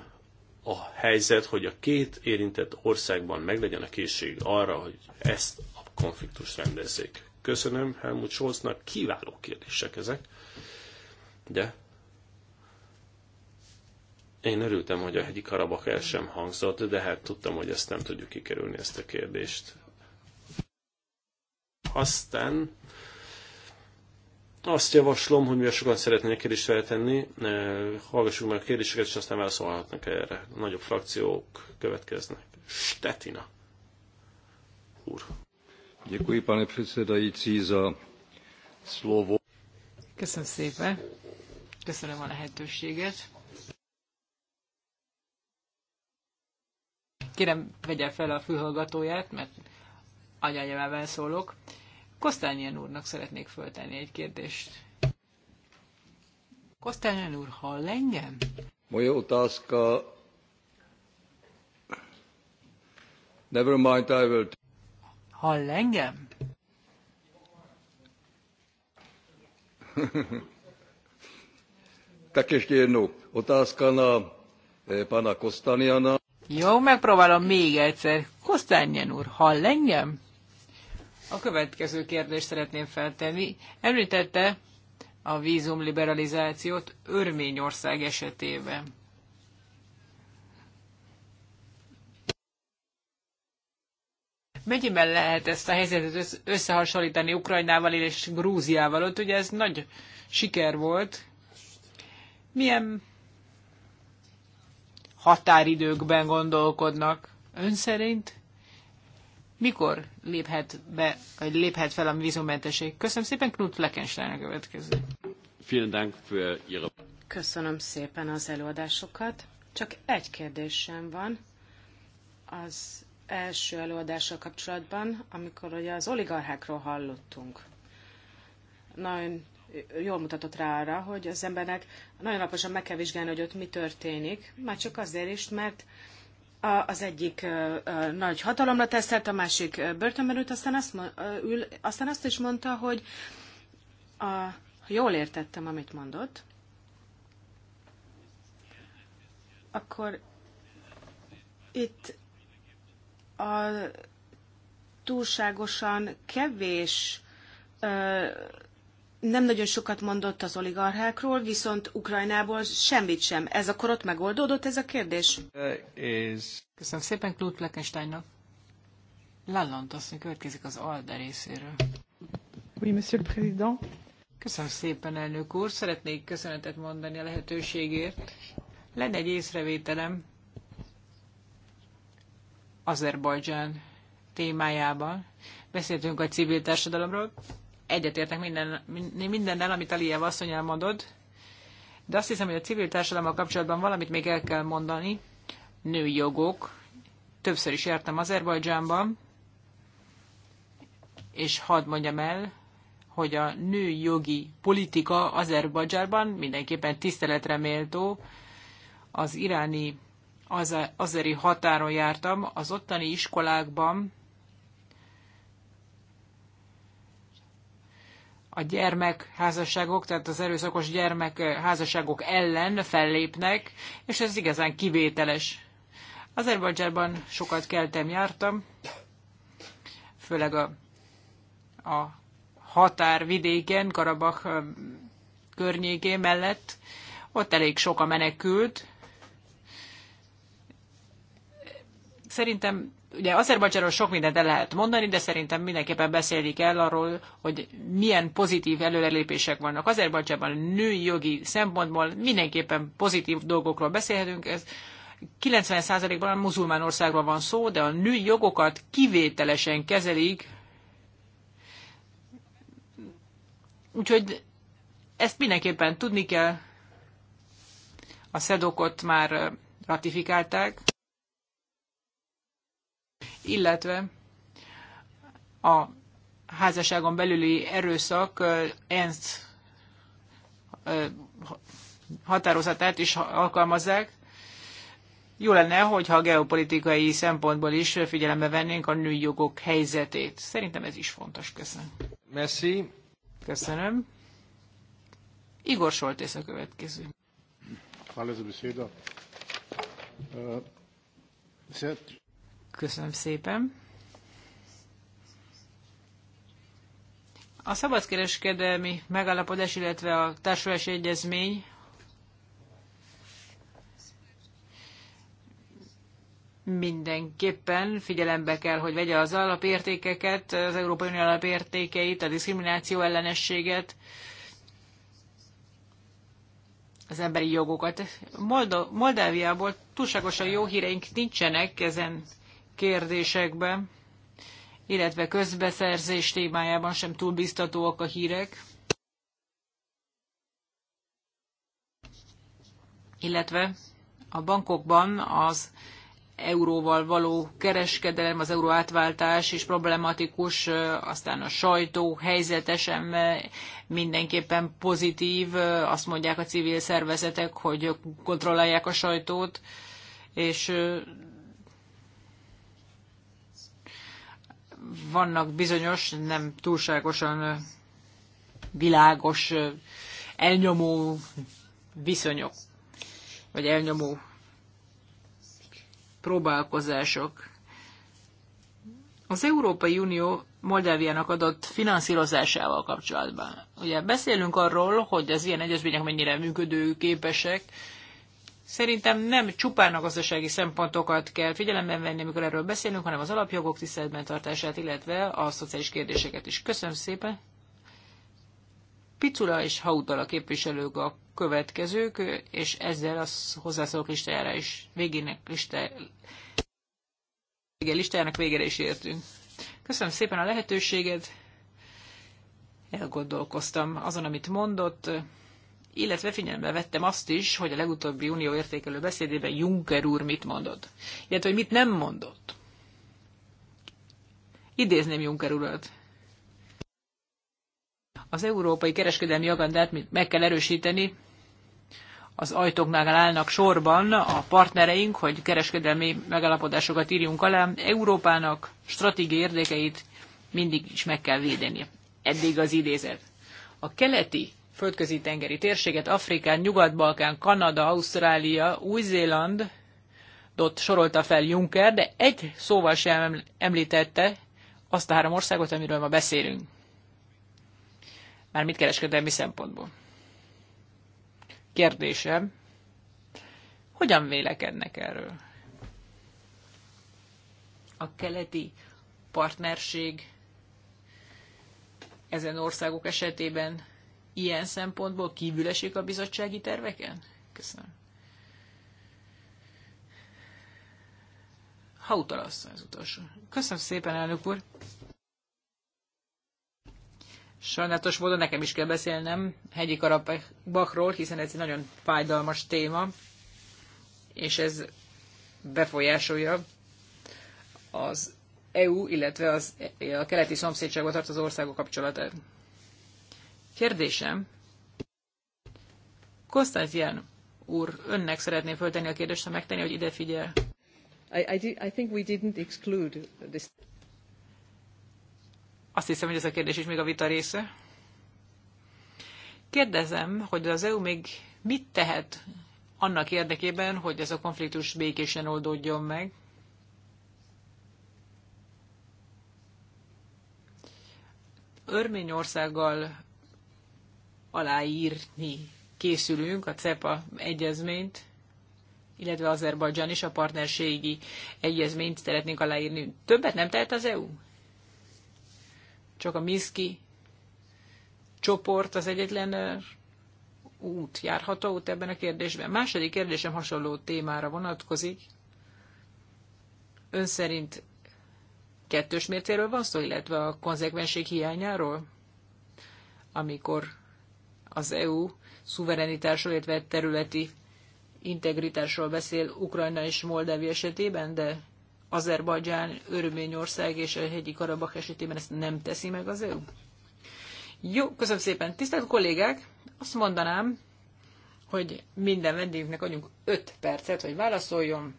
a helyzet, hogy a két érintett országban meglegyen a készség arra, hogy ezt a konfliktust rendezzék. Köszönöm Helmut Scholznak, kiváló kérdések ezek, de én örültem, hogy a hegyi karabak el sem hangzott, de hát tudtam, hogy ezt nem tudjuk kikerülni, ezt a kérdést. Aztán azt javaslom, hogy mivel sokan szeretnének kérdést feltenni, eh, hallgassuk meg a kérdéseket, és aztán válaszolhatnak erre. A nagyobb frakciók következnek. Stetina úr. Děkuji, pane předsedající, za slovo. Köszönöm szépen. Köszönöm a lehetőséget. Kérem, vegye fel a fülhallgatóját, mert anyanyelven szólok. Kosztányen úrnak szeretnék föltenni egy kérdést. Kosztányen úr, hall engem? Moja otázka... Never mind, I will... Hall engem? tak ještě jednou. Otázka na eh, pana Kostaniana. Jó, megpróbálom még egyszer. Kostanyan úr, hall engem? A következő kérdést szeretném feltenni. Említette a vízum liberalizációt Örményország esetében. Mennyiben lehet ezt a helyzetet összehasonlítani Ukrajnával és Grúziával? Ott ugye ez nagy siker volt. Milyen határidőkben gondolkodnak ön szerint? mikor léphet be, vagy léphet fel a vízumentesség. Köszönöm szépen, Knut Lekenstein a következő. Köszönöm szépen az előadásokat. Csak egy kérdésem van. Az első előadással kapcsolatban, amikor ugye az oligarchákról hallottunk. Nagyon jól mutatott rá arra, hogy az embernek nagyon alaposan meg kell vizsgálni, hogy ott mi történik, már csak azért is, mert az egyik nagy hatalomra tesztelt, a másik börtönben ült, aztán azt, ül, aztán azt is mondta, hogy a, ha jól értettem, amit mondott, akkor itt a túlságosan kevés nem nagyon sokat mondott az oligarchákról, viszont Ukrajnából semmit sem. Ez akkor ott megoldódott ez a kérdés? Köszönöm szépen Klut Fleckensteinnak. Lallant asszony következik az ALDE részéről. Oui, monsieur le président. Köszönöm szépen, elnök úr. Szeretnék köszönetet mondani a lehetőségért. Lenne egy észrevételem Azerbajdzsán témájában. Beszéltünk a civil társadalomról egyetértek minden, mindennel, amit Liev asszony elmondod, de azt hiszem, hogy a civil társadalommal kapcsolatban valamit még el kell mondani. Női jogok. Többször is jártam Azerbajdzsánban, és hadd mondjam el, hogy a női jogi politika Azerbajdzsánban mindenképpen tiszteletre méltó. Az iráni azeri határon jártam, az ottani iskolákban a gyermekházasságok, tehát az erőszakos gyermekházasságok eh, ellen fellépnek, és ez igazán kivételes. Azerbajdzsánban sokat keltem, jártam, főleg a, a határvidéken, Karabach eh, környéké mellett, ott elég sok a menekült. Szerintem ugye Azerbajdzsáról sok mindent el lehet mondani, de szerintem mindenképpen beszélni kell arról, hogy milyen pozitív előrelépések vannak. Azerbajdzsában női jogi szempontból mindenképpen pozitív dolgokról beszélhetünk. Ez 90%-ban a muzulmán országban van szó, de a női jogokat kivételesen kezelik. Úgyhogy ezt mindenképpen tudni kell. A szedokot már ratifikálták illetve a házasságon belüli erőszak ENSZ határozatát is alkalmazzák. Jó lenne, hogyha a geopolitikai szempontból is figyelembe vennénk a női jogok helyzetét. Szerintem ez is fontos. Köszönöm. Messi. Köszönöm. Igor Soltész a következő. Hvala a besedo. Eh, Köszönöm szépen. A szabadkereskedelmi megállapodás, illetve a társulási egyezmény mindenképpen figyelembe kell, hogy vegye az alapértékeket, az Európai Unió alapértékeit, a diszkrimináció ellenességet, az emberi jogokat. Moldo- Moldáviából túlságosan jó híreink nincsenek ezen kérdésekben, illetve közbeszerzés témájában sem túl biztatóak a hírek, illetve a bankokban az euróval való kereskedelem, az euró átváltás is problematikus, aztán a sajtó helyzetesen mindenképpen pozitív, azt mondják a civil szervezetek, hogy kontrollálják a sajtót, és vannak bizonyos, nem túlságosan világos, elnyomó viszonyok, vagy elnyomó próbálkozások. Az Európai Unió Moldáviának adott finanszírozásával kapcsolatban. Ugye beszélünk arról, hogy az ilyen egyezmények mennyire működőképesek, képesek, Szerintem nem csupán a gazdasági szempontokat kell figyelemben venni, amikor erről beszélünk, hanem az alapjogok tiszteletben tartását, illetve a szociális kérdéseket is. Köszönöm szépen! Picula és Hautala képviselők a következők, és ezzel a hozzászólók listájára is végének listá... Igen, listájának végére is értünk. Köszönöm szépen a lehetőséget. Elgondolkoztam azon, amit mondott illetve figyelembe vettem azt is, hogy a legutóbbi unió értékelő beszédében Juncker úr mit mondott, illetve hogy mit nem mondott. Idézném Juncker urat. Az európai kereskedelmi agandát meg kell erősíteni, az ajtóknál állnak sorban a partnereink, hogy kereskedelmi megállapodásokat írjunk alá. Európának stratégiai érdekeit mindig is meg kell védeni. Eddig az idézet. A keleti földközi tengeri térséget, Afrikát, Nyugat-Balkán, Kanada, Ausztrália, Új-Zéland, dot sorolta fel Juncker, de egy szóval sem említette azt a három országot, amiről ma beszélünk. Mármint kereskedelmi szempontból. Kérdésem, hogyan vélekednek erről? A keleti partnerség ezen országok esetében ilyen szempontból kívül esik a bizottsági terveken? Köszönöm. Hautala asszony az utolsó. Köszönöm szépen, elnök úr. Sajnálatos módon nekem is kell beszélnem hegyi karabakról, hiszen ez egy nagyon fájdalmas téma, és ez befolyásolja az EU, illetve az, a keleti szomszédságba tartozó országok kapcsolatát. Kérdésem, Kostázián úr, önnek szeretném föltenni a kérdést, ha megtenni, hogy ide figyel. I, I, did, I think we didn't exclude this. Azt hiszem, hogy ez a kérdés is még a vita része. Kérdezem, hogy az EU még mit tehet annak érdekében, hogy ez a konfliktus békésen oldódjon meg? Örményországgal aláírni készülünk a CEPA egyezményt, illetve Azerbajdzsán is a partnerségi egyezményt szeretnénk aláírni. Többet nem tehet az EU? Csak a Miszki csoport az egyetlen út, járható út ebben a kérdésben. Második kérdésem hasonló témára vonatkozik. Ön szerint kettős mércéről van szó, illetve a konzekvenség hiányáról? Amikor az EU szuverenitásról, illetve területi integritásról beszél Ukrajna és Moldávia esetében, de Azerbajdzsán, Örményország és a hegyi Karabak esetében ezt nem teszi meg az EU? Jó, köszönöm szépen. Tisztelt kollégák, azt mondanám, hogy minden vendégünknek adjunk 5 percet, hogy válaszoljon,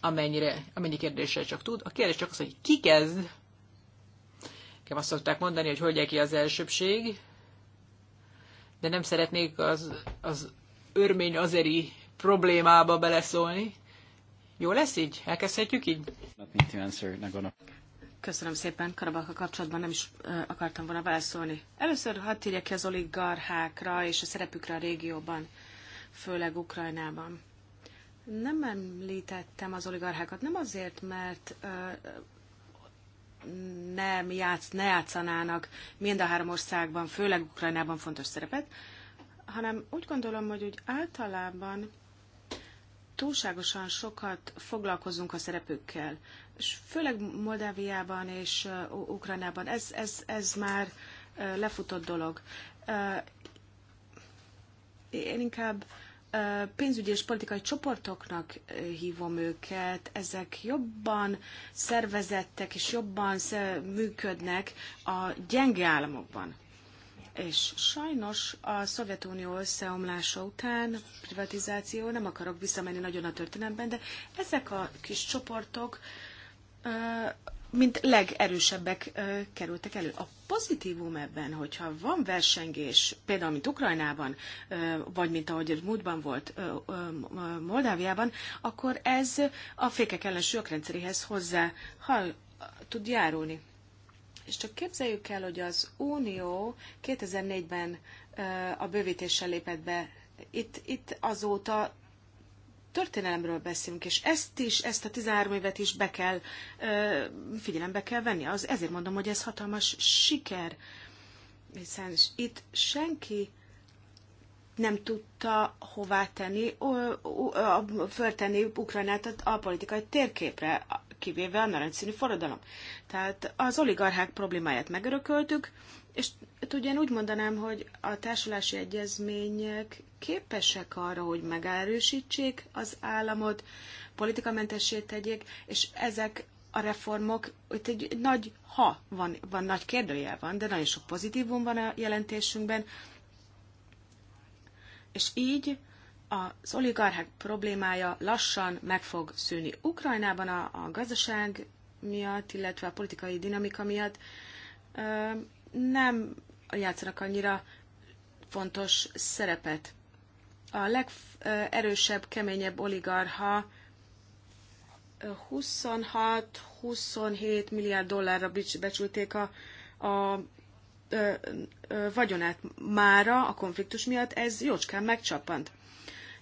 amennyire, amennyi kérdésre csak tud. A kérdés csak az, hogy ki kezd. Nekem azt szokták mondani, hogy hogy ki az elsőbség de nem szeretnék az, az örmény azeri problémába beleszólni. Jó lesz így? Elkezdhetjük így? Köszönöm szépen, Karabakka kapcsolatban nem is akartam volna beleszólni. Először hadd térjek ki az oligarchákra és a szerepükre a régióban, főleg Ukrajnában. Nem említettem az oligarchákat, nem azért, mert nem játsz, ne játszanának mind a három országban, főleg Ukrajnában fontos szerepet, hanem úgy gondolom, hogy úgy általában túlságosan sokat foglalkozunk a szerepükkel. És főleg Moldáviában és Ukrajnában ez, ez, ez már lefutott dolog. Én inkább pénzügyi és politikai csoportoknak hívom őket, ezek jobban szervezettek és jobban működnek a gyenge államokban. És sajnos a Szovjetunió összeomlása után, privatizáció, nem akarok visszamenni nagyon a történelemben, de ezek a kis csoportok mint legerősebbek kerültek elő. A pozitívum ebben, hogyha van versengés, például mint Ukrajnában, vagy mint ahogy múltban volt Moldáviában, akkor ez a fékek ellen rendszeréhez hozzá hal, tud járulni. És csak képzeljük el, hogy az Unió 2004-ben a bővítéssel lépett be. Itt, itt azóta történelemről beszélünk, és ezt is, ezt a 13 évet is be kell, figyelembe kell venni. Az, ezért mondom, hogy ez hatalmas siker, hiszen itt senki nem tudta hová tenni, föltenni Ukrajnát a politikai térképre, kivéve a narancsszínű forradalom. Tehát az oligarchák problémáját megörököltük, és ugye úgy mondanám, hogy a társulási egyezmények képesek arra, hogy megerősítsék az államot, politikamentessé tegyék, és ezek a reformok, itt egy nagy ha van, van nagy kérdőjel van, de nagyon sok pozitívum van a jelentésünkben, és így az oligarchák problémája lassan meg fog szűni Ukrajnában a, a gazdaság miatt, illetve a politikai dinamika miatt nem játszanak annyira fontos szerepet. A legerősebb, keményebb oligarha 26-27 milliárd dollárra becsülték a, a ö, ö, vagyonát mára a konfliktus miatt, ez jócskán megcsapant.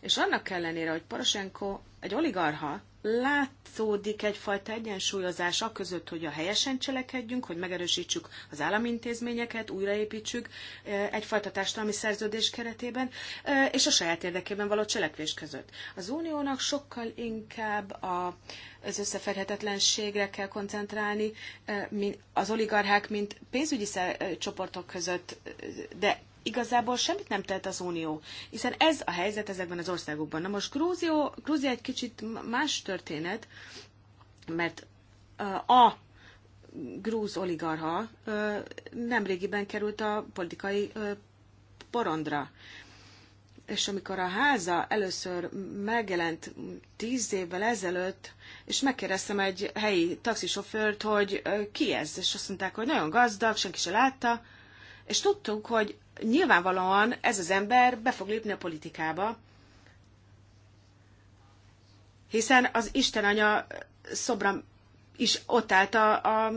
És annak ellenére, hogy Poroshenko egy oligarha, látszódik egyfajta egyensúlyozás a között, hogy a helyesen cselekedjünk, hogy megerősítsük az állami intézményeket, újraépítsük eh, egyfajta társadalmi szerződés keretében, eh, és a saját érdekében való cselekvés között. Az uniónak sokkal inkább a, az összeférhetetlenségre kell koncentrálni, eh, az oligarchák, mint pénzügyi csoportok között, de igazából semmit nem tett az Unió, hiszen ez a helyzet ezekben az országokban. Na most Grúzió, Grúzia egy kicsit más történet, mert a grúz oligarha nemrégiben került a politikai porondra. És amikor a háza először megjelent tíz évvel ezelőtt, és megkérdeztem egy helyi taxisofőrt, hogy ki ez, és azt mondták, hogy nagyon gazdag, senki se látta, és tudtuk, hogy nyilvánvalóan ez az ember be fog lépni a politikába, hiszen az Isten anya szobra is ott állt a, a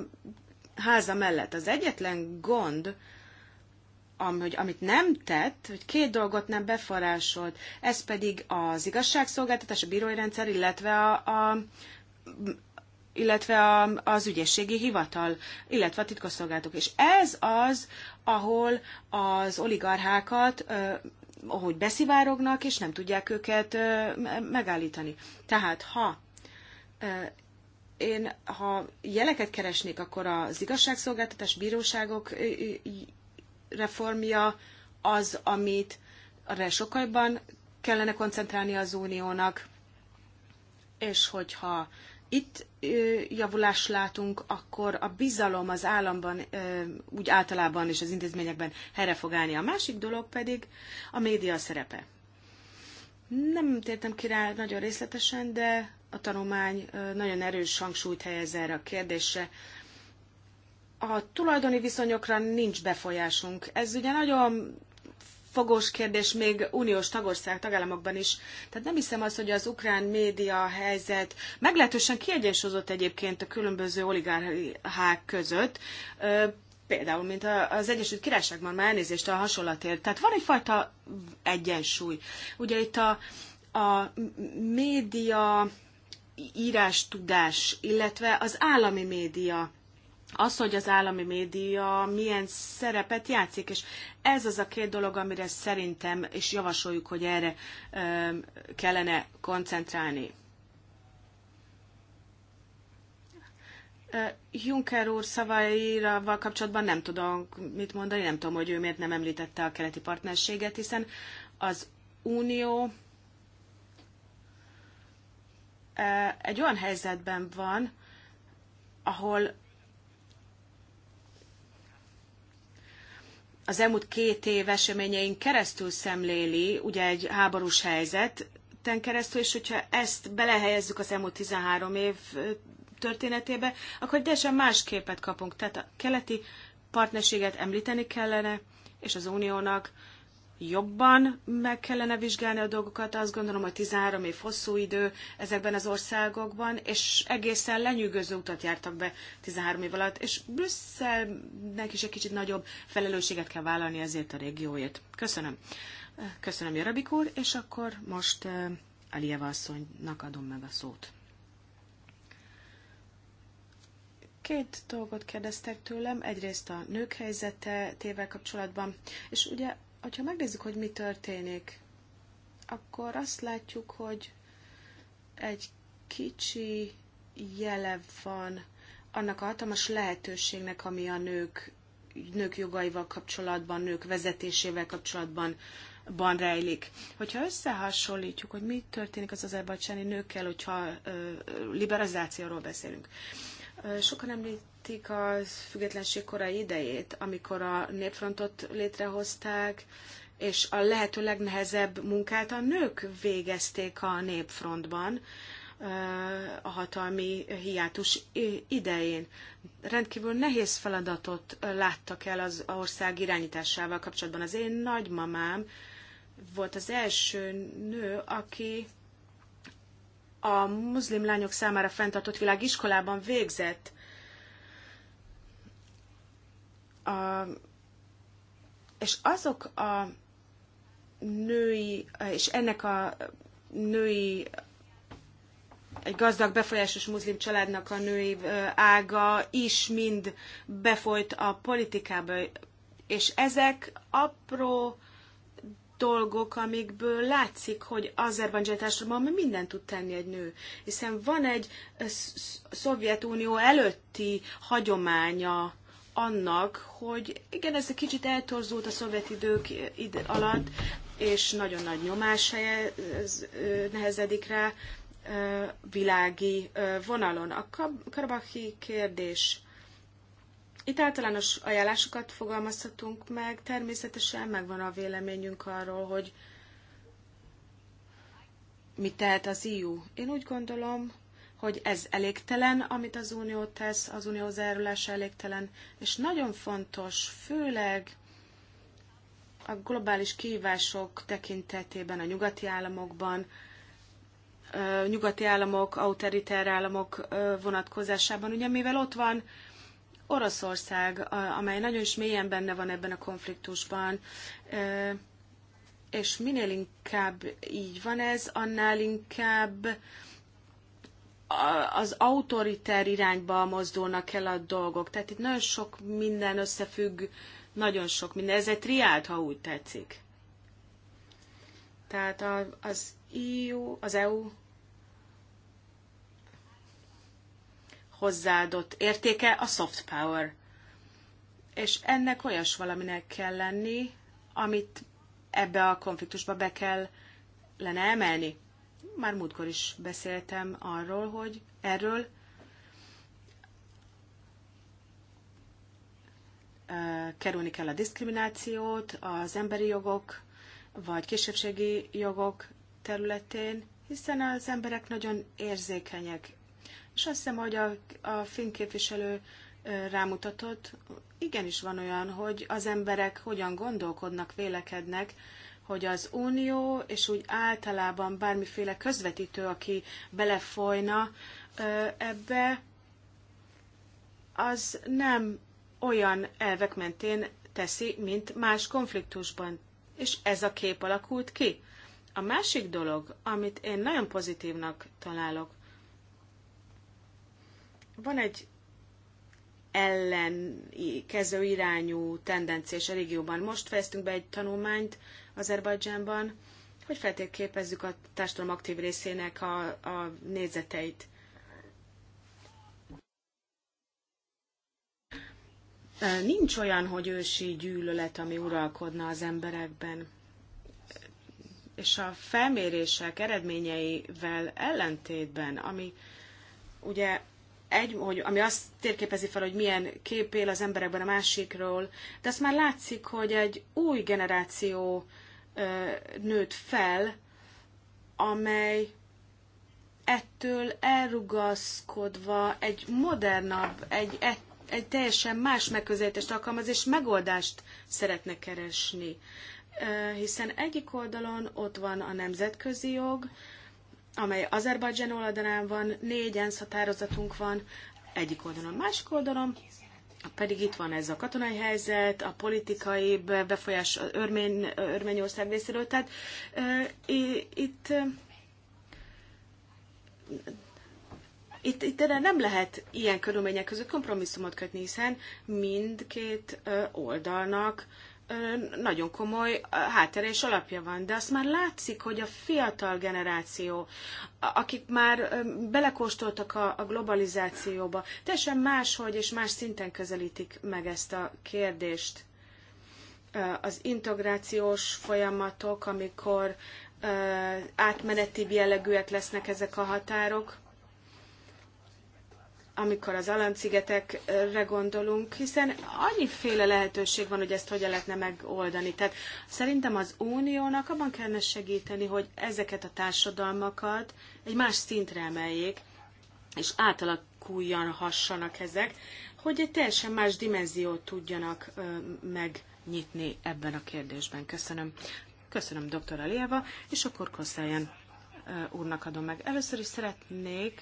háza mellett. Az egyetlen gond, am, hogy, amit nem tett, hogy két dolgot nem befarásolt, ez pedig az igazságszolgáltatás, a bírói rendszer, illetve a, a illetve a, az ügyességi hivatal, illetve a titkosszolgálatok. És ez az, ahol az oligarchákat ahogy beszivárognak, és nem tudják őket megállítani. Tehát ha én, ha jeleket keresnék, akkor az igazságszolgáltatás bíróságok reformja az, amit arra sokkal jobban kellene koncentrálni az uniónak, és hogyha itt javulást látunk, akkor a bizalom az államban, úgy általában és az intézményekben helyre fog állni. A másik dolog pedig a média szerepe. Nem tértem ki rá nagyon részletesen, de a tanulmány nagyon erős hangsúlyt helyez erre a kérdésre. A tulajdoni viszonyokra nincs befolyásunk. Ez ugye nagyon fogós kérdés még uniós tagország tagállamokban is. Tehát nem hiszem azt, hogy az ukrán média helyzet meglehetősen kiegyensúlyozott egyébként a különböző oligárhák között. Például, mint az Egyesült Királyságban már elnézést a hasonlatért. Tehát van egyfajta egyensúly. Ugye itt a, a média írás tudás, illetve az állami média az, hogy az állami média milyen szerepet játszik, és ez az a két dolog, amire szerintem, és javasoljuk, hogy erre kellene koncentrálni. Juncker úr szavaival kapcsolatban nem tudom mit mondani, nem tudom, hogy ő miért nem említette a keleti partnerséget, hiszen az Unió egy olyan helyzetben van, ahol az elmúlt két év eseményein keresztül szemléli, ugye egy háborús helyzeten keresztül, és hogyha ezt belehelyezzük az elmúlt 13 év történetébe, akkor teljesen más képet kapunk. Tehát a keleti partnerséget említeni kellene, és az uniónak jobban meg kellene vizsgálni a dolgokat. Azt gondolom, hogy 13 év hosszú idő ezekben az országokban, és egészen lenyűgöző utat jártak be 13 év alatt, és Brüsszelnek is egy kicsit nagyobb felelősséget kell vállalni ezért a régióért. Köszönöm. Köszönöm, Jarabik úr, és akkor most eh, Alieva asszonynak adom meg a szót. Két dolgot kérdeztek tőlem, egyrészt a nők helyzete tével kapcsolatban, és ugye hogyha megnézzük, hogy mi történik, akkor azt látjuk, hogy egy kicsi jele van annak a hatalmas lehetőségnek, ami a nők, nők jogaival kapcsolatban, nők vezetésével kapcsolatban ban rejlik. Hogyha összehasonlítjuk, hogy mi történik az azerbajcsáni nőkkel, hogyha ö, liberalizációról beszélünk. Sokan említ, említik a függetlenség korai idejét, amikor a népfrontot létrehozták, és a lehető legnehezebb munkát a nők végezték a népfrontban a hatalmi hiátus idején. Rendkívül nehéz feladatot láttak el az ország irányításával kapcsolatban. Az én nagymamám volt az első nő, aki a muszlim lányok számára fenntartott világiskolában végzett, a, és azok a női, és ennek a női egy gazdag, befolyásos muszlim családnak a női ága is mind befolyt a politikába, és ezek apró dolgok, amikből látszik, hogy Azerbajdzsán társadalomban mindent tud tenni egy nő. Hiszen van egy Szovjetunió előtti hagyománya annak, hogy igen, ez egy kicsit eltorzult a szovjet idők ide alatt, és nagyon nagy nyomás nehezedik rá világi vonalon. A karabachi kérdés. Itt általános ajánlásokat fogalmazhatunk meg, természetesen megvan a véleményünk arról, hogy mit tehet az EU. Én úgy gondolom, hogy ez elégtelen, amit az Unió tesz, az Unió zárulása elégtelen, és nagyon fontos, főleg a globális kihívások tekintetében a nyugati államokban, nyugati államok, autoriter államok vonatkozásában, ugye mivel ott van Oroszország, amely nagyon is mélyen benne van ebben a konfliktusban, és minél inkább így van ez, annál inkább az autoriter irányba mozdulnak el a dolgok. Tehát itt nagyon sok minden összefügg, nagyon sok minden. Ez egy triált, ha úgy tetszik. Tehát az EU, az EU hozzáadott értéke a soft power. És ennek olyas valaminek kell lenni, amit ebbe a konfliktusba be lenne emelni már múltkor is beszéltem arról, hogy erről kerülni kell a diszkriminációt az emberi jogok vagy kisebbségi jogok területén, hiszen az emberek nagyon érzékenyek. És azt hiszem, hogy a, a finn képviselő rámutatott, igenis van olyan, hogy az emberek hogyan gondolkodnak, vélekednek, hogy az Unió, és úgy általában bármiféle közvetítő, aki belefolyna ebbe, az nem olyan elvek mentén teszi, mint más konfliktusban. És ez a kép alakult ki. A másik dolog, amit én nagyon pozitívnak találok, van egy ellenkező irányú tendencia a régióban. Most fejeztünk be egy tanulmányt Azerbajdzsánban, hogy feltérképezzük a társadalom aktív részének a, a nézeteit. Nincs olyan, hogy ősi gyűlölet, ami uralkodna az emberekben. És a felmérések eredményeivel ellentétben, ami ugye egy, hogy, ami azt térképezi fel, hogy milyen kép él az emberekben a másikról, de azt már látszik, hogy egy új generáció nőtt fel, amely ettől elrugaszkodva egy modernabb, egy, egy teljesen más megközelítést alkalmaz, és megoldást szeretne keresni. Hiszen egyik oldalon ott van a nemzetközi jog, amely Azerbajdzsán oldalán van, négy ENSZ határozatunk van, egyik oldalon, másik oldalon pedig itt van ez a katonai helyzet, a politikai befolyás az örmény, Örményország részéről, tehát e, itt, e, itt, itt erre nem lehet ilyen körülmények között kompromisszumot kötni, hiszen mindkét oldalnak nagyon komoly háttér és alapja van, de azt már látszik, hogy a fiatal generáció, akik már belekóstoltak a, a globalizációba, teljesen máshogy és más szinten közelítik meg ezt a kérdést. Az integrációs folyamatok, amikor átmeneti jellegűek lesznek ezek a határok, amikor az Alan-szigetekre gondolunk, hiszen annyiféle lehetőség van, hogy ezt hogyan lehetne megoldani. Tehát szerintem az uniónak abban kellene segíteni, hogy ezeket a társadalmakat egy más szintre emeljék, és átalakuljanhassanak ezek, hogy egy teljesen más dimenziót tudjanak megnyitni ebben a kérdésben. Köszönöm. Köszönöm, dr. Alieva, és akkor Kosszáján úrnak adom meg. Először is szeretnék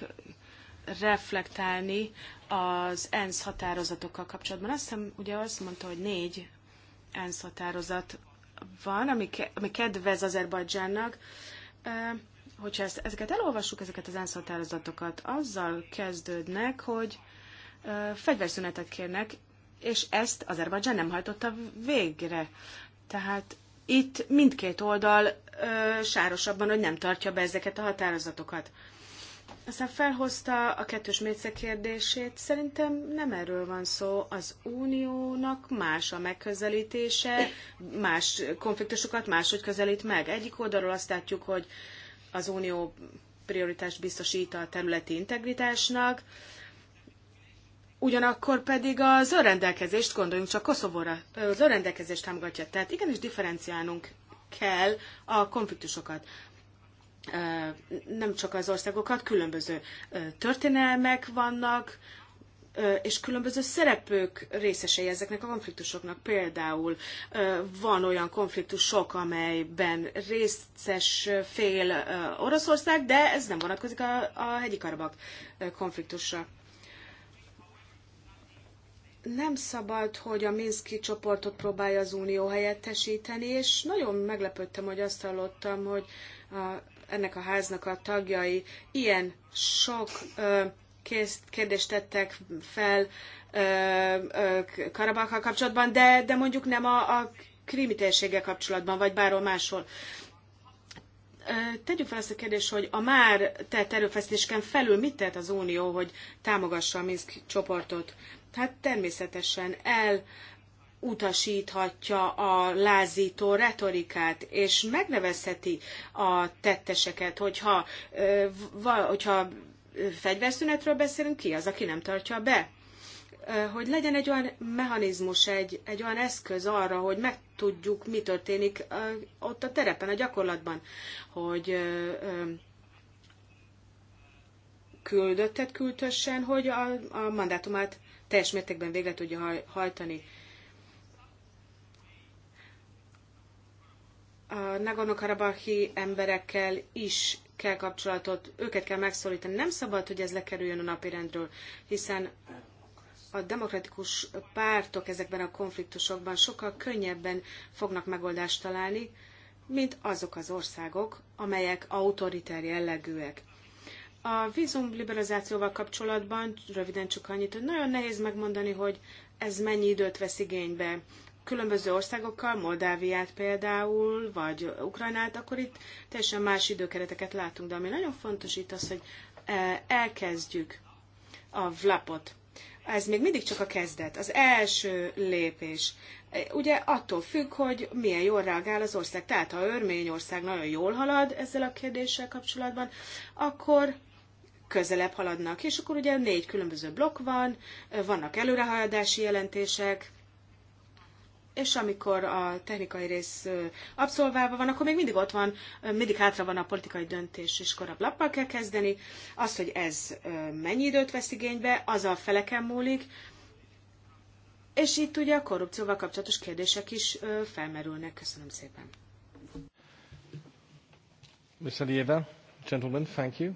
reflektálni az ENSZ határozatokkal kapcsolatban. Azt hiszem, ugye azt mondta, hogy négy ENSZ határozat van, ami, ami kedvez Azerbajdzsánnak. Hogyha ezt, ezeket elolvassuk, ezeket az ENSZ határozatokat, azzal kezdődnek, hogy fegyverszünetet kérnek, és ezt Azerbajdzsán nem hajtotta végre. Tehát itt mindkét oldal e, sárosabban, hogy nem tartja be ezeket a határozatokat. Aztán felhozta a kettős mérce kérdését. Szerintem nem erről van szó. Az uniónak más a megközelítése, más konfliktusokat máshogy közelít meg. Egyik oldalról azt látjuk, hogy az unió prioritást biztosít a területi integritásnak, ugyanakkor pedig az önrendelkezést, gondoljunk csak Koszovóra, az önrendelkezést támogatja. Tehát igenis differenciálnunk kell a konfliktusokat nem csak az országokat, különböző történelmek vannak, és különböző szerepők részesei ezeknek a konfliktusoknak. Például van olyan konfliktusok, amelyben részes fél Oroszország, de ez nem vonatkozik a, a hegyi karabak konfliktusra. Nem szabad, hogy a Minszki csoportot próbálja az Unió helyettesíteni, és nagyon meglepődtem, hogy azt hallottam, hogy a ennek a háznak a tagjai ilyen sok kérdést tettek fel Karabakkal kapcsolatban, de, de mondjuk nem a, a krími térséggel kapcsolatban, vagy bárhol máshol. Tegyük fel azt a kérdést, hogy a már tett erőfeszítéseken felül mit tett az Unió, hogy támogassa a Minsk csoportot? Hát természetesen el utasíthatja a lázító retorikát, és megnevezheti a tetteseket, hogyha, hogyha fegyverszünetről beszélünk, ki az, aki nem tartja be? Hogy legyen egy olyan mechanizmus, egy, egy olyan eszköz arra, hogy megtudjuk, mi történik ott a terepen, a gyakorlatban, hogy küldöttet küldhessen, hogy a, a mandátumát teljes mértékben végre tudja hajtani. a Nagorno-Karabahi emberekkel is kell kapcsolatot, őket kell megszólítani. Nem szabad, hogy ez lekerüljön a napirendről, hiszen a demokratikus pártok ezekben a konfliktusokban sokkal könnyebben fognak megoldást találni, mint azok az országok, amelyek autoritár jellegűek. A vízumliberalizációval kapcsolatban röviden csak annyit, hogy nagyon nehéz megmondani, hogy ez mennyi időt vesz igénybe, különböző országokkal, Moldáviát például, vagy Ukrajnát, akkor itt teljesen más időkereteket látunk. De ami nagyon fontos itt az, hogy e, elkezdjük a vlapot. Ez még mindig csak a kezdet, az első lépés. E, ugye attól függ, hogy milyen jól reagál az ország. Tehát ha Örményország nagyon jól halad ezzel a kérdéssel kapcsolatban, akkor közelebb haladnak. És akkor ugye négy különböző blokk van, e, vannak előrehaladási jelentések, és amikor a technikai rész abszolválva van, akkor még mindig ott van, mindig hátra van a politikai döntés, és korabb lappal kell kezdeni. Az, hogy ez mennyi időt vesz igénybe, az a feleken múlik, és itt ugye a korrupcióval kapcsolatos kérdések is felmerülnek. Köszönöm szépen. Mr. Lieber, gentlemen, thank you.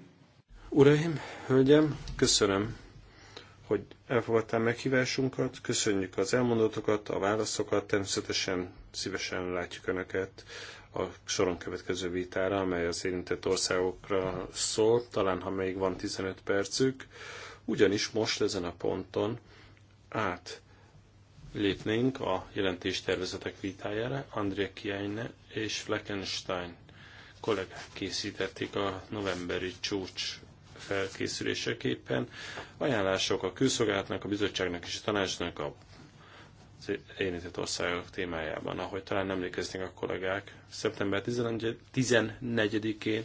Uraim, hölgyem, köszönöm hogy elfogadtál meghívásunkat, köszönjük az elmondatokat, a válaszokat, természetesen szívesen látjuk Önöket a soron következő vitára, amely az érintett országokra szól, talán ha még van 15 percük, ugyanis most ezen a ponton át lépnénk a jelentéstervezetek vitájára. Andrea Kiejne és Fleckenstein kollégák készítették a novemberi csúcs felkészüléseképpen. Ajánlások a külszolgálatnak, a bizottságnak és a tanácsnak a érintett országok témájában. Ahogy talán emlékeznek a kollégák, szeptember 14-én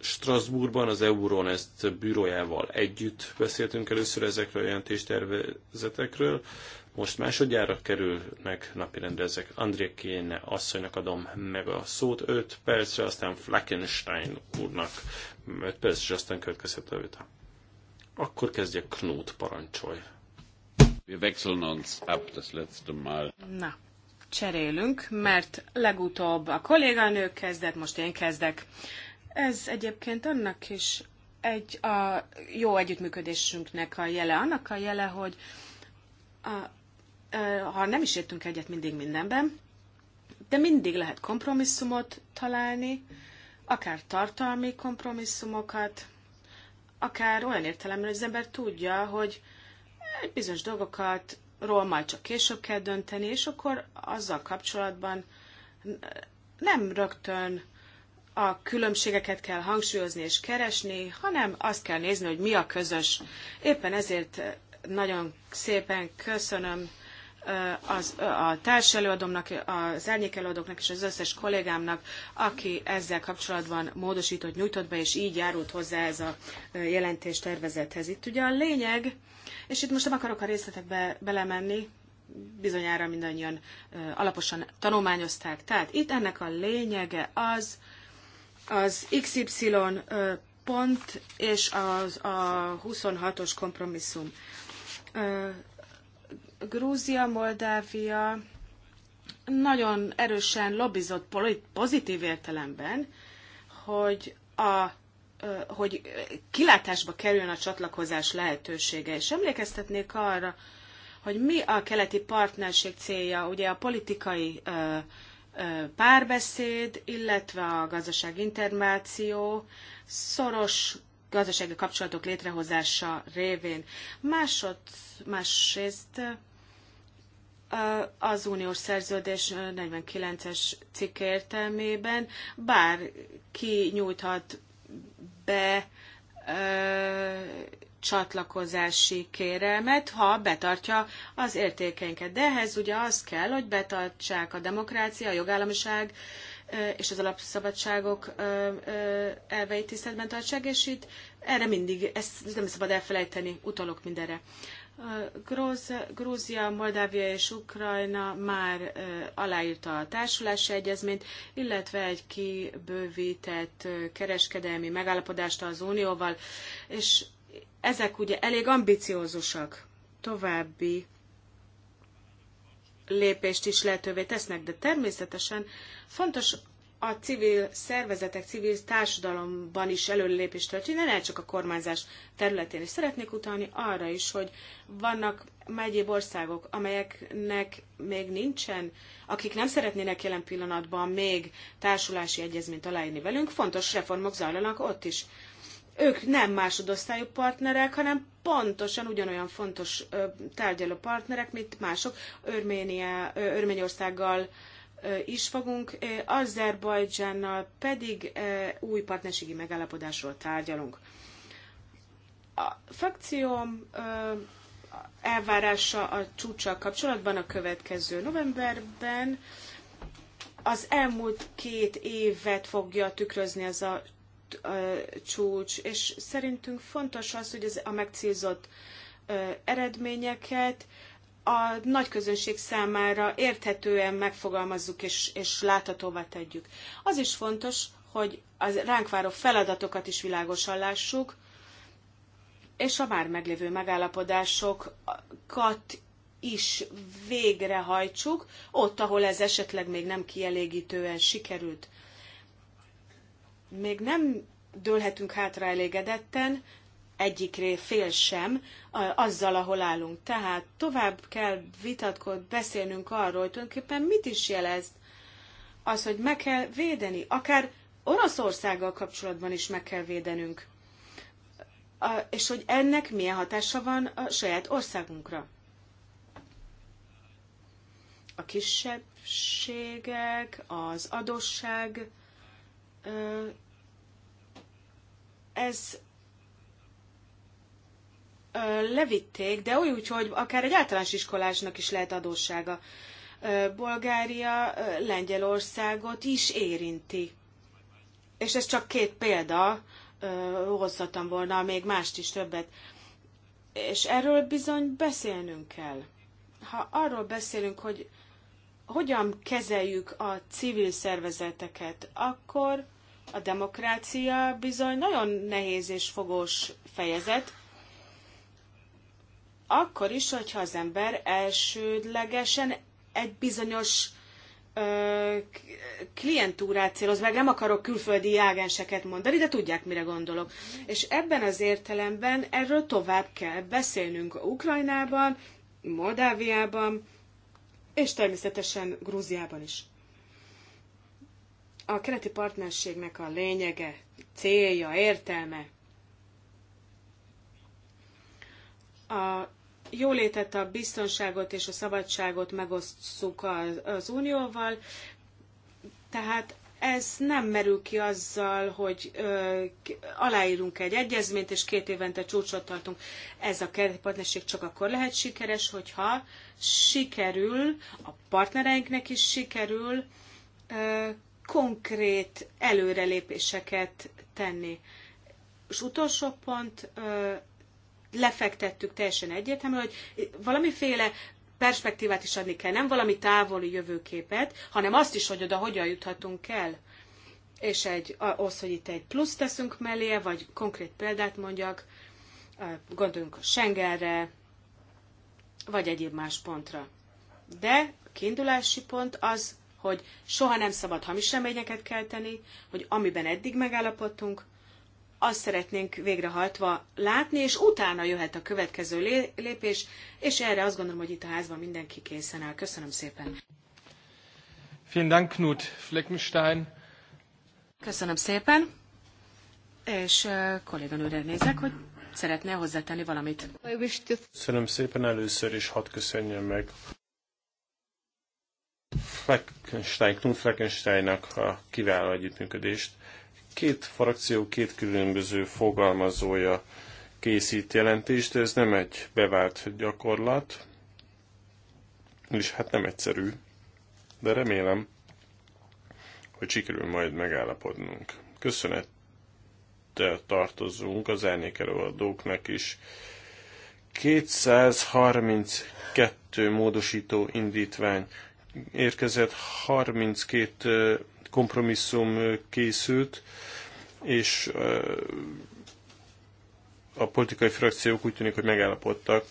Strasbourgban az Euronest bűrójával együtt beszéltünk először ezekről a jelentéstervezetekről. Most másodjára kerülnek napirendre ezek. André Kéne asszonynak adom meg a szót 5 percre, aztán Flackenstein úrnak 5 perc, és aztán következhet a vita. Akkor kezdje Knut parancsolj. Wir wechseln uns ab das letzte Mal. Na, cserélünk, mert legutóbb a kolléganő kezdett, most én kezdek. Ez egyébként annak is egy a jó együttműködésünknek a jele, annak a jele, hogy a ha nem is értünk egyet mindig mindenben, de mindig lehet kompromisszumot találni, akár tartalmi kompromisszumokat, akár olyan értelemben, hogy az ember tudja, hogy bizonyos dolgokat ról majd csak később kell dönteni, és akkor azzal kapcsolatban nem rögtön a különbségeket kell hangsúlyozni és keresni, hanem azt kell nézni, hogy mi a közös. Éppen ezért nagyon szépen köszönöm az, a társelőadómnak, az árnyékelőadóknak és az összes kollégámnak, aki ezzel kapcsolatban módosított, nyújtott be, és így járult hozzá ez a jelentés tervezethez. Itt ugye a lényeg, és itt most nem akarok a részletekbe belemenni, bizonyára mindannyian alaposan tanulmányozták. Tehát itt ennek a lényege az, az XY pont és az, a 26-os kompromisszum Grúzia, Moldávia nagyon erősen lobbizott pozitív értelemben, hogy a hogy kilátásba kerüljön a csatlakozás lehetősége. És emlékeztetnék arra, hogy mi a keleti partnerség célja, ugye a politikai párbeszéd, illetve a gazdasági intermáció, szoros gazdasági kapcsolatok létrehozása révén. Másod, másrészt az uniós szerződés 49-es cikk értelmében bárki nyújthat be ö, csatlakozási kérelmet, ha betartja az értékeinket. De ehhez ugye az kell, hogy betartsák a demokrácia, a jogállamiság ö, és az alapszabadságok ö, ö, elveit tiszteletben tartsák, és itt erre mindig, ezt nem szabad elfelejteni, utalok mindenre. Grúzia, Moldávia és Ukrajna már aláírta a társulási egyezményt, illetve egy kibővített kereskedelmi megállapodást az Unióval, és ezek ugye elég ambiciózusak. További lépést is lehetővé tesznek, de természetesen fontos a civil szervezetek, civil társadalomban is előlépés történne, ne csak a kormányzás területén. is szeretnék utalni arra is, hogy vannak megyéb országok, amelyeknek még nincsen, akik nem szeretnének jelen pillanatban még társulási egyezményt aláírni velünk, fontos reformok zajlanak ott is. Ők nem másodosztályú partnerek, hanem pontosan ugyanolyan fontos tárgyaló partnerek, mint mások Örménia, Örményországgal, is fogunk, Azerbajdzsánnal pedig új partnerségi megállapodásról tárgyalunk. A frakcióm elvárása a csúcssal kapcsolatban a következő novemberben az elmúlt két évet fogja tükrözni ez a, a csúcs, és szerintünk fontos az, hogy ez a megcélzott eredményeket a nagy közönség számára érthetően megfogalmazzuk és, és láthatóvá tegyük. Az is fontos, hogy az ránk váró feladatokat is világosan lássuk, és a már meglévő megállapodásokat is végrehajtsuk, ott, ahol ez esetleg még nem kielégítően sikerült. Még nem dőlhetünk hátra elégedetten, egyik fél sem azzal, ahol állunk. Tehát tovább kell vitatkozni, beszélnünk arról, hogy tulajdonképpen mit is jelez az, hogy meg kell védeni. Akár Oroszországgal kapcsolatban is meg kell védenünk. és hogy ennek milyen hatása van a saját országunkra. A kisebbségek, az adósság, ez levitték, de úgy, hogy akár egy általános iskolásnak is lehet adóssága. Bulgária Lengyelországot is érinti. És ez csak két példa, hozhatom volna még mást is többet. És erről bizony beszélnünk kell. Ha arról beszélünk, hogy hogyan kezeljük a civil szervezeteket, akkor a demokrácia bizony nagyon nehéz és fogós fejezet, akkor is, hogyha az ember elsődlegesen egy bizonyos klientúrát céloz meg, nem akarok külföldi ágenseket mondani, de tudják, mire gondolok. És ebben az értelemben erről tovább kell beszélnünk Ukrajnában, Moldáviában, és természetesen Grúziában is. A keleti partnerségnek a lényege, célja, értelme a jólétet, a biztonságot és a szabadságot megosztjuk az, az unióval, tehát ez nem merül ki azzal, hogy ö, aláírunk egy egyezményt, és két évente csúcsot tartunk. Ez a partnerség csak akkor lehet sikeres, hogyha sikerül, a partnereinknek is sikerül ö, konkrét előrelépéseket tenni. És utolsó pont, ö, lefektettük teljesen egyértelműen, hogy valamiféle perspektívát is adni kell, nem valami távoli jövőképet, hanem azt is, hogy oda hogyan juthatunk el. És egy, az, hogy itt egy plusz teszünk mellé, vagy konkrét példát mondjak, gondoljunk a Schengenre, vagy egyéb más pontra. De a kiindulási pont az, hogy soha nem szabad hamis reményeket kelteni, hogy amiben eddig megállapodtunk, azt szeretnénk végrehajtva látni, és utána jöhet a következő lépés, és erre azt gondolom, hogy itt a házban mindenki készen áll. Köszönöm szépen. Vielen Dank, Knut Fleckenstein. Köszönöm szépen, és kolléganőre nézek, hogy szeretne hozzátenni valamit. Köszönöm szépen először, is hadd köszönjem meg Fleckenstein, Knut Fleckensteinnak a kiváló együttműködést Két frakció, két különböző fogalmazója készít jelentést, de ez nem egy bevált gyakorlat, és hát nem egyszerű, de remélem, hogy sikerül majd megállapodnunk. Köszönettel tartozunk az elnékelőadóknak is. 232 módosító indítvány érkezett, 32 kompromisszum készült, és a politikai frakciók úgy tűnik, hogy megállapodtak.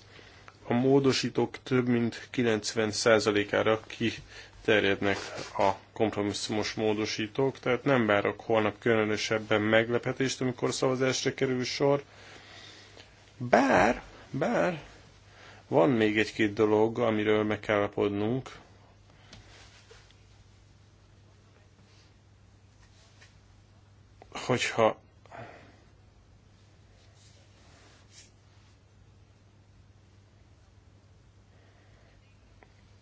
A módosítók több mint 90%-ára kiterjednek a kompromisszumos módosítók, tehát nem várok holnap különösebben meglepetést, amikor szavazásra kerül sor. Bár, bár van még egy-két dolog, amiről meg kell lapodnunk, hogyha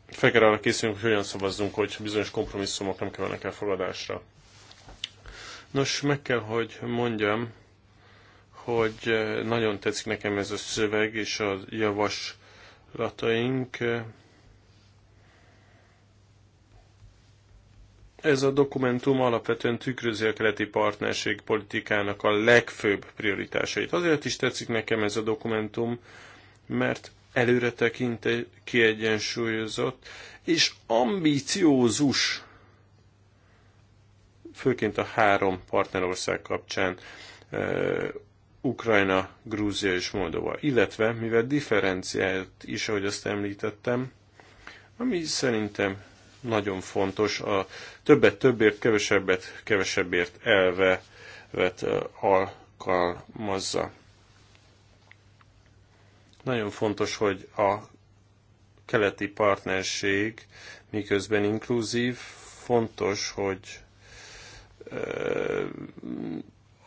fel kell arra készülünk, hogy hogyan szavazzunk, hogy bizonyos kompromisszumok nem kerülnek elfogadásra. Nos, meg kell, hogy mondjam, hogy eh, nagyon tetszik nekem ez a szöveg és a javaslataink. Ez a dokumentum alapvetően tükrözi a keleti partnerség politikának a legfőbb prioritásait. Azért is tetszik nekem ez a dokumentum, mert előre tekint, kiegyensúlyozott és ambíciózus, főként a három partnerország kapcsán, Ukrajna, Grúzia és Moldova, illetve mivel differenciált is, ahogy azt említettem, ami szerintem nagyon fontos a többet többért, kevesebbet kevesebbért elve vet alkalmazza. Nagyon fontos, hogy a keleti partnerség miközben inkluzív, fontos, hogy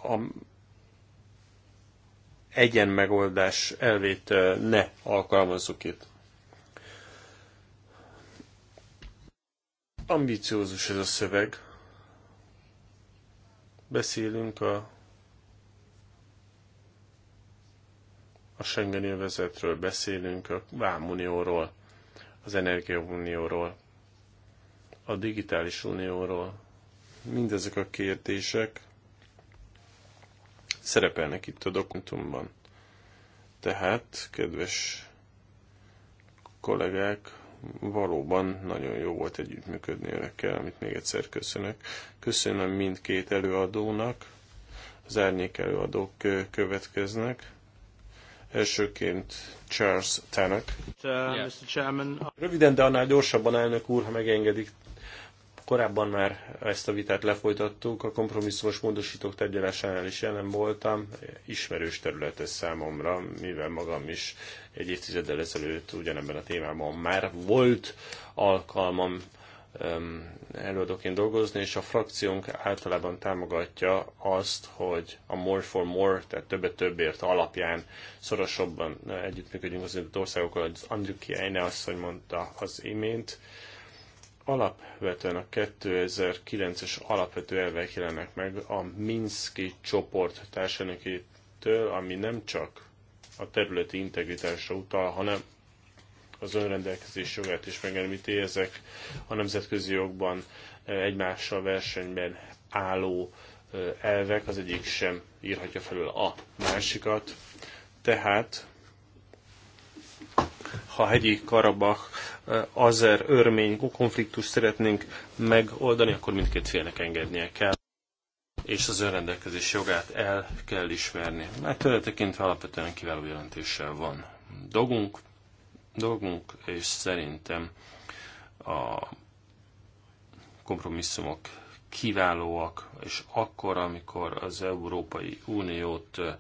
a egyen megoldás elvét ne alkalmazzuk itt. Ambiciózus ez a szöveg. Beszélünk a a Schengen övezetről beszélünk, a Vámunióról, az Energiaunióról, a Digitális Unióról. Mindezek a kérdések szerepelnek itt a dokumentumban. Tehát, kedves kollégák, valóban nagyon jó volt együttműködni önökkel, amit még egyszer köszönök. Köszönöm mindkét előadónak, az árnyék előadók következnek. Elsőként Charles Tannock. Röviden, de annál gyorsabban elnök úr, ha megengedik. Korábban már ezt a vitát lefolytattuk, a kompromisszumos módosítók tárgyalásánál is jelen voltam, ismerős terület ez számomra, mivel magam is egy évtizeddel ezelőtt ugyanebben a témában már volt alkalmam előadóként dolgozni, és a frakciónk általában támogatja azt, hogy a More for More, tehát többet többért alapján szorosabban együttműködjünk az országokkal, az Andrew Kiejne asszony mondta az imént, alapvetően a 2009-es alapvető elvek jelennek meg a Minszki csoport társadalmikétől, ami nem csak a területi integritásra utal, hanem az önrendelkezés jogát is megemlíti, ezek a nemzetközi jogban eh, egymással versenyben álló eh, elvek, az egyik sem írhatja felül a másikat. Tehát ha hegyi Karabach eh, azer örmény konfliktust szeretnénk megoldani, akkor mindkét félnek engednie kell és az önrendelkezés jogát el kell ismerni. Mert tekintve alapvetően kiváló jelentéssel van dolgunk, dolgunk, és szerintem a kompromisszumok kiválóak, és akkor, amikor az Európai Uniót eh,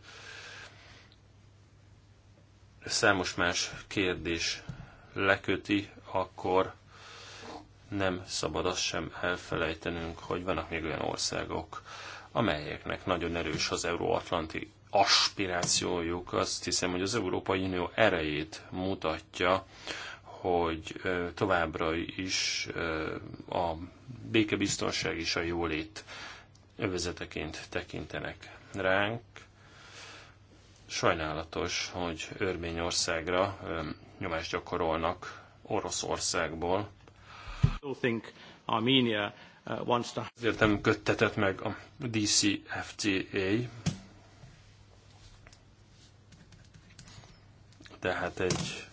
számos más kérdés leköti, akkor nem szabad azt sem elfelejtenünk, hogy vannak még olyan országok, amelyeknek nagyon erős az euróatlanti aspirációjuk. Azt hiszem, hogy az Európai Unió erejét mutatja, hogy továbbra is a békebiztonság és a jólét övezeteként tekintenek ránk. Sajnálatos, hogy Örményországra nyomást gyakorolnak Oroszországból. Uh, Ezért nem köttetett meg a DCFTA, tehát egy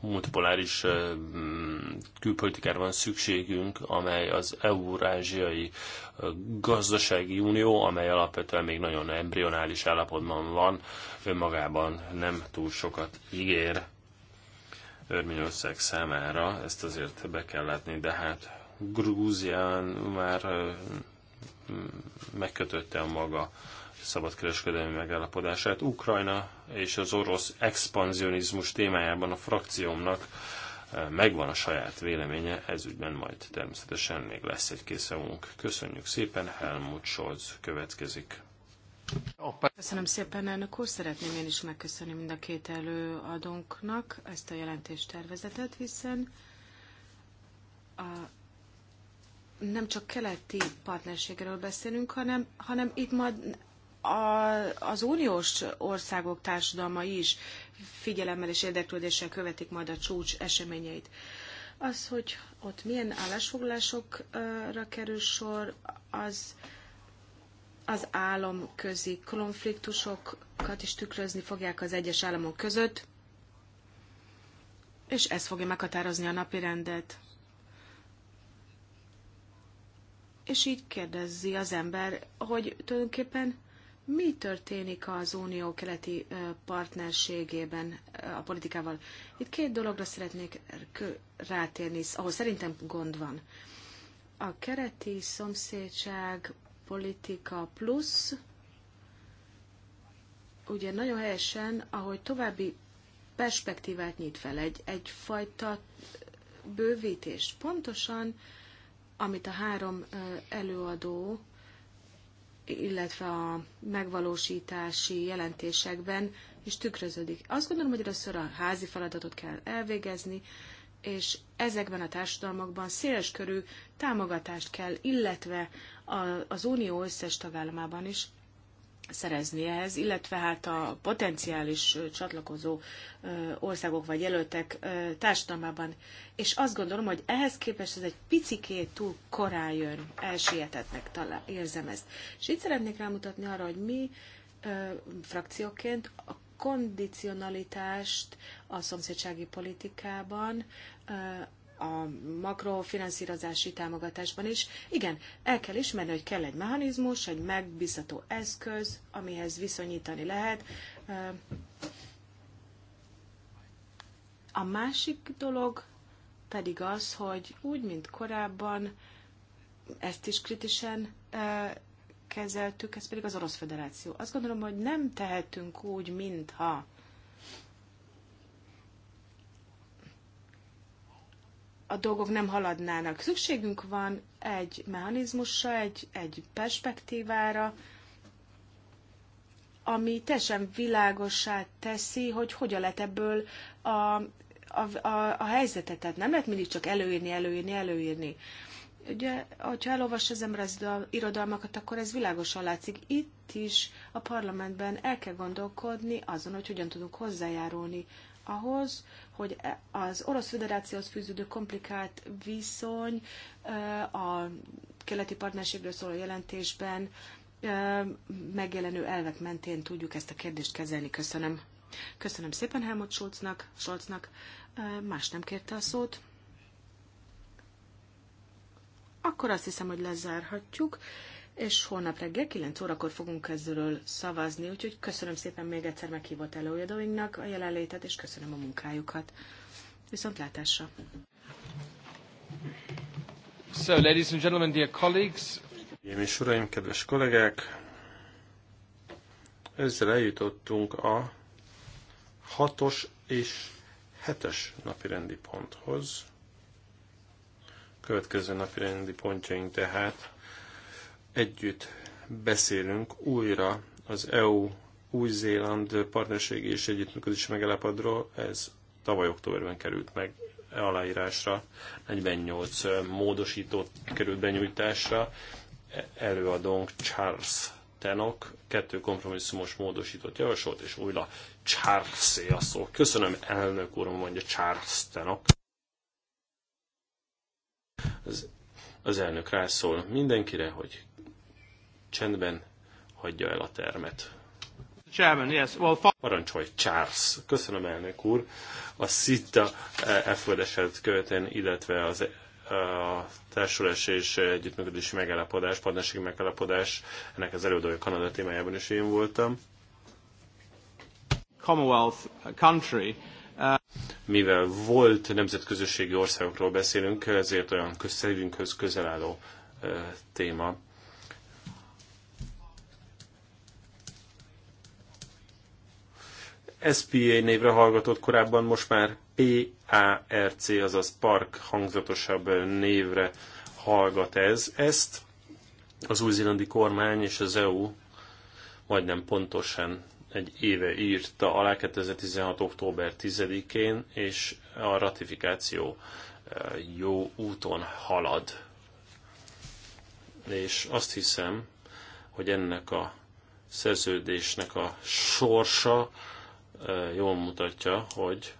multipoláris mm, külpolitikára van szükségünk, amely az eurázsiai gazdasági unió, amely alapvetően még nagyon embrionális állapotban van, önmagában nem túl sokat ígér Örményország számára, ezt azért be kell látni, de hát Grúzián már megkötötte a maga szabadkereskedelmi megállapodását. Ukrajna és az orosz expanzionizmus témájában a frakciómnak eh, megvan a saját véleménye, ez majd természetesen még lesz egy készavunk. Köszönjük szépen, Helmut Scholz következik. Köszönöm szépen, elnök úr. Szeretném én is megköszönni mind a két előadónknak ezt a jelentéstervezetet, hiszen a nem csak keleti partnerségről beszélünk, hanem, hanem itt majd a, az uniós országok társadalma is figyelemmel és érdeklődéssel követik majd a csúcs eseményeit. Az, hogy ott milyen állásfoglalásokra kerül sor, az az államközi konfliktusokat is tükrözni fogják az egyes államok között, és ez fogja meghatározni a napi rendet. És így kérdezi az ember, hogy tulajdonképpen mi történik az unió keleti partnerségében a politikával? Itt két dologra szeretnék rátérni, ahol szerintem gond van. A kereti szomszédság politika plusz, ugye nagyon helyesen, ahogy további perspektívát nyit fel, egy, egyfajta bővítést. Pontosan, amit a három előadó illetve a megvalósítási jelentésekben is tükröződik. Azt gondolom, hogy először a házi feladatot kell elvégezni, és ezekben a társadalmakban körű támogatást kell, illetve az unió összes tagállamában is szerezni ehhez, illetve hát a potenciális csatlakozó országok vagy jelöltek társadalmában. És azt gondolom, hogy ehhez képest ez egy picikét túl korán jön, elsietetnek talán, érzem ezt. És itt szeretnék rámutatni arra, hogy mi frakcióként a kondicionalitást a szomszédsági politikában a makrofinanszírozási támogatásban is. Igen, el kell ismerni, hogy kell egy mechanizmus, egy megbízható eszköz, amihez viszonyítani lehet. A másik dolog pedig az, hogy úgy, mint korábban, ezt is kritisen kezeltük, ez pedig az Orosz Federáció. Azt gondolom, hogy nem tehetünk úgy, mintha a dolgok nem haladnának. Szükségünk van egy mechanizmusra, egy, egy perspektívára, ami teljesen világossá teszi, hogy hogyan lehet ebből a, a, a, a helyzetet. Tehát nem lehet mindig csak előírni, előírni, előírni. Ugye, ha elolvas az ember az irodalmakat, akkor ez világosan látszik. Itt is a parlamentben el kell gondolkodni azon, hogy hogyan tudunk hozzájárulni ahhoz, hogy e- az Orosz Föderációhoz fűződő komplikált viszony a keleti partnerségről szóló jelentésben megjelenő elvek mentén tudjuk ezt a kérdést kezelni. Köszönöm. Köszönöm szépen Helmut Schulznak. Scholznak. Más nem kérte a szót. Akkor azt hiszem, hogy lezárhatjuk és holnap reggel 9 órakor fogunk ezzel szavazni, úgyhogy köszönöm szépen még egyszer meghívott előadóinknak a jelenlétet, és köszönöm a munkájukat. Viszontlátásra! So, ladies and gentlemen, dear colleagues. Én és uraim, kedves kollégák, ezzel eljutottunk a hatos és hetes napirendi ponthoz. Következő napirendi pontjaink tehát együtt beszélünk újra az EU új-Zéland partnerségi és együttműködési megelepadról. ez tavaly októberben került meg aláírásra, 48 módosított került benyújtásra. Előadónk Charles Tenok kettő kompromisszumos módosított javasolt, és újra charles a szó. Köszönöm, elnök úr, mondja Charles Tenok. Az, az elnök rászól mindenkire, hogy csendben hagyja el a termet. Chairman, yes. well, Parancsolj, Charles. Köszönöm, elnök úr. A SZITA elföldeset eh, követően, illetve az eh, a társulás és együttműködési megállapodás, partnerségi megállapodás, ennek az előadója Kanada témájában is én voltam. Commonwealth country. Uh, Mivel volt nemzetközösségi országokról beszélünk, ezért olyan közszerűnkhöz közel álló eh, téma SPA névre hallgatott korábban, most már PARC, azaz Park hangzatosabb névre hallgat ez. Ezt az új-zélandi kormány és az EU majdnem pontosan egy éve írta alá 2016. október 10-én, és a ratifikáció e, jó úton halad. És azt hiszem, hogy ennek a szerződésnek a sorsa jól mutatja, hogy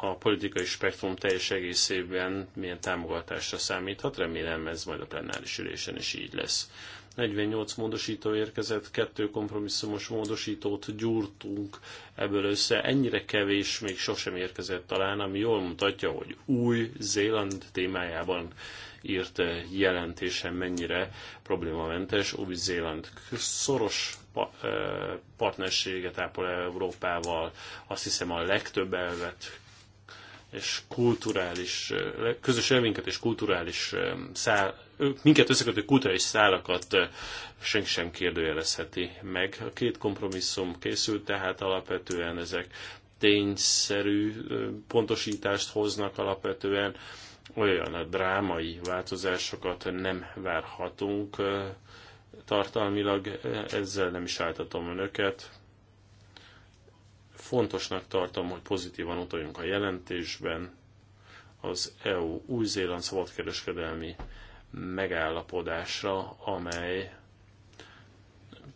a politikai spektrum teljes egészében milyen támogatásra számíthat. Remélem ez majd a plenáris ülésen is így lesz. 48 módosító érkezett, kettő kompromisszumos módosítót gyúrtunk ebből össze. Ennyire kevés még sosem érkezett talán, ami jól mutatja, hogy új Zéland témájában írt jelentésen mennyire problémamentes. Új Zéland szoros partnerséget ápol Európával, azt hiszem a legtöbb elvet és kulturális, közös elvinket és kulturális szál, minket összekötő kulturális szálakat senki sem kérdőjelezheti meg. A két kompromisszum készült, tehát alapvetően ezek tényszerű pontosítást hoznak alapvetően, olyan a drámai változásokat nem várhatunk, tartalmilag e, ezzel nem is álltatom önöket. Fontosnak tartom, hogy pozitívan utaljunk a jelentésben az EU-Új-Zéland szabadkereskedelmi megállapodásra, amely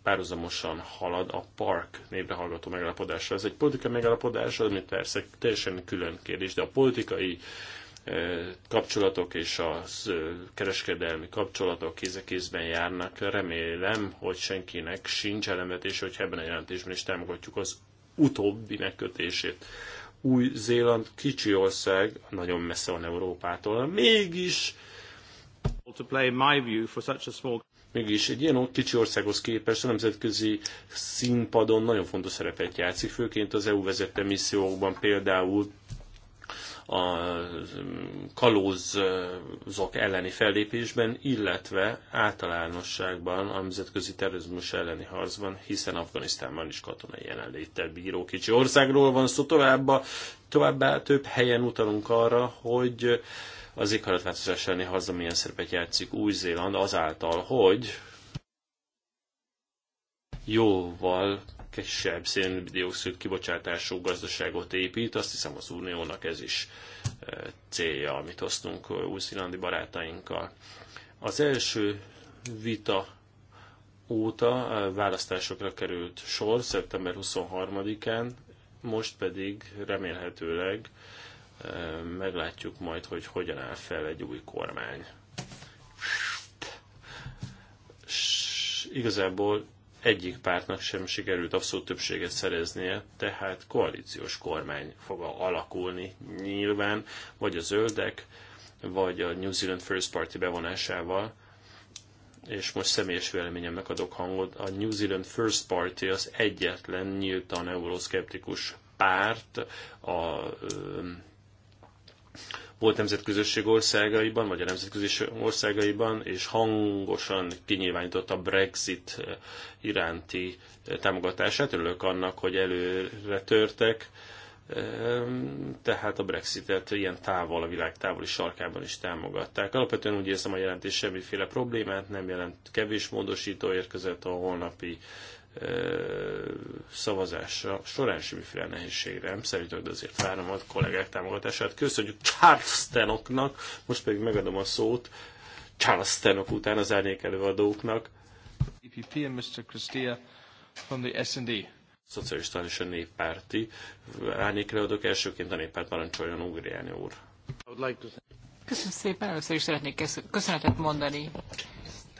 párhuzamosan halad a Park névre hallgató megállapodásra. Ez egy politikai megállapodás, ami persze teljesen külön kérdés, de a politikai kapcsolatok és a kereskedelmi kapcsolatok kézekézben járnak. Remélem, hogy senkinek sincs elemetés, hogy ebben a jelentésben is támogatjuk az utóbbi megkötését. Új-Zéland kicsi ország, nagyon messze van Európától, mégis to play my view for such a small Mégis egy ilyen kicsi országhoz képest a nemzetközi színpadon nagyon fontos szerepet játszik, főként az EU vezette missziókban, például a kalózok elleni fellépésben, illetve általánosságban a nemzetközi terrorizmus elleni harcban, hiszen Afganisztánban is katonai jelenléttel bíró kicsi országról van szó továbbá, továbbá több helyen utalunk arra, hogy az éghajlatváltozás elleni harcban milyen szerepet játszik Új-Zéland azáltal, hogy jóval kisebb széndiokszid kibocsátású gazdaságot épít. Azt hiszem az Uniónak ez is e, célja, amit hoztunk e, új-zélandi barátainkkal. Az első vita óta e, választásokra került sor szeptember 23-án, most pedig remélhetőleg meglátjuk majd, hogy hogyan áll fel egy új kormány. S igazából egyik pártnak sem sikerült abszolút többséget szereznie, tehát koalíciós kormány fog alakulni nyilván, vagy a zöldek, vagy a New Zealand First Party bevonásával, és most személyes véleményemnek adok hangot, a New Zealand First Party az egyetlen nyíltan euroszkeptikus párt a, volt nemzetközösség országaiban, vagy a nemzetközi országaiban, és hangosan kinyilvánította Brexit eh, iránti eh, támogatását. Örülök annak, hogy előre törtek, ehm, tehát a Brexitet ilyen távol, a világ távoli sarkában is támogatták. Alapvetően úgy érzem, a jelentés semmiféle problémát nem jelent, kevés módosító érkezett a holnapi szavazása során semmiféle nehézségre nem szerítok, de azért várom a kollégák támogatását. Köszönjük Charles Tenoknak, most pedig megadom a szót Charles Tenok után az árnyék előadóknak. EPP and Mr. Christia from the S&D. Szocialista és a néppárti árnyék előadók elsőként a néppárt parancsoljon Ugriáni úr. Köszönöm szépen, először is szeretnék köszönetet mondani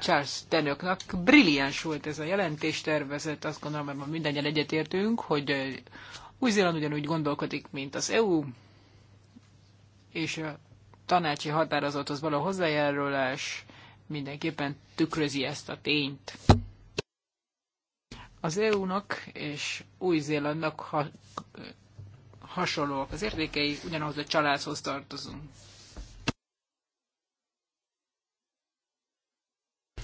Charles Tenöknak. Brilliáns volt ez a jelentéstervezet, azt gondolom, mert mindannyian egyetértünk, hogy Új-Zéland ugyanúgy gondolkodik, mint az EU, és a tanácsi határozathoz való hozzájárulás mindenképpen tükrözi ezt a tényt. Az EU-nak és Új-Zélandnak ha, hasonlóak az értékei, ugyanahoz a családhoz tartozunk.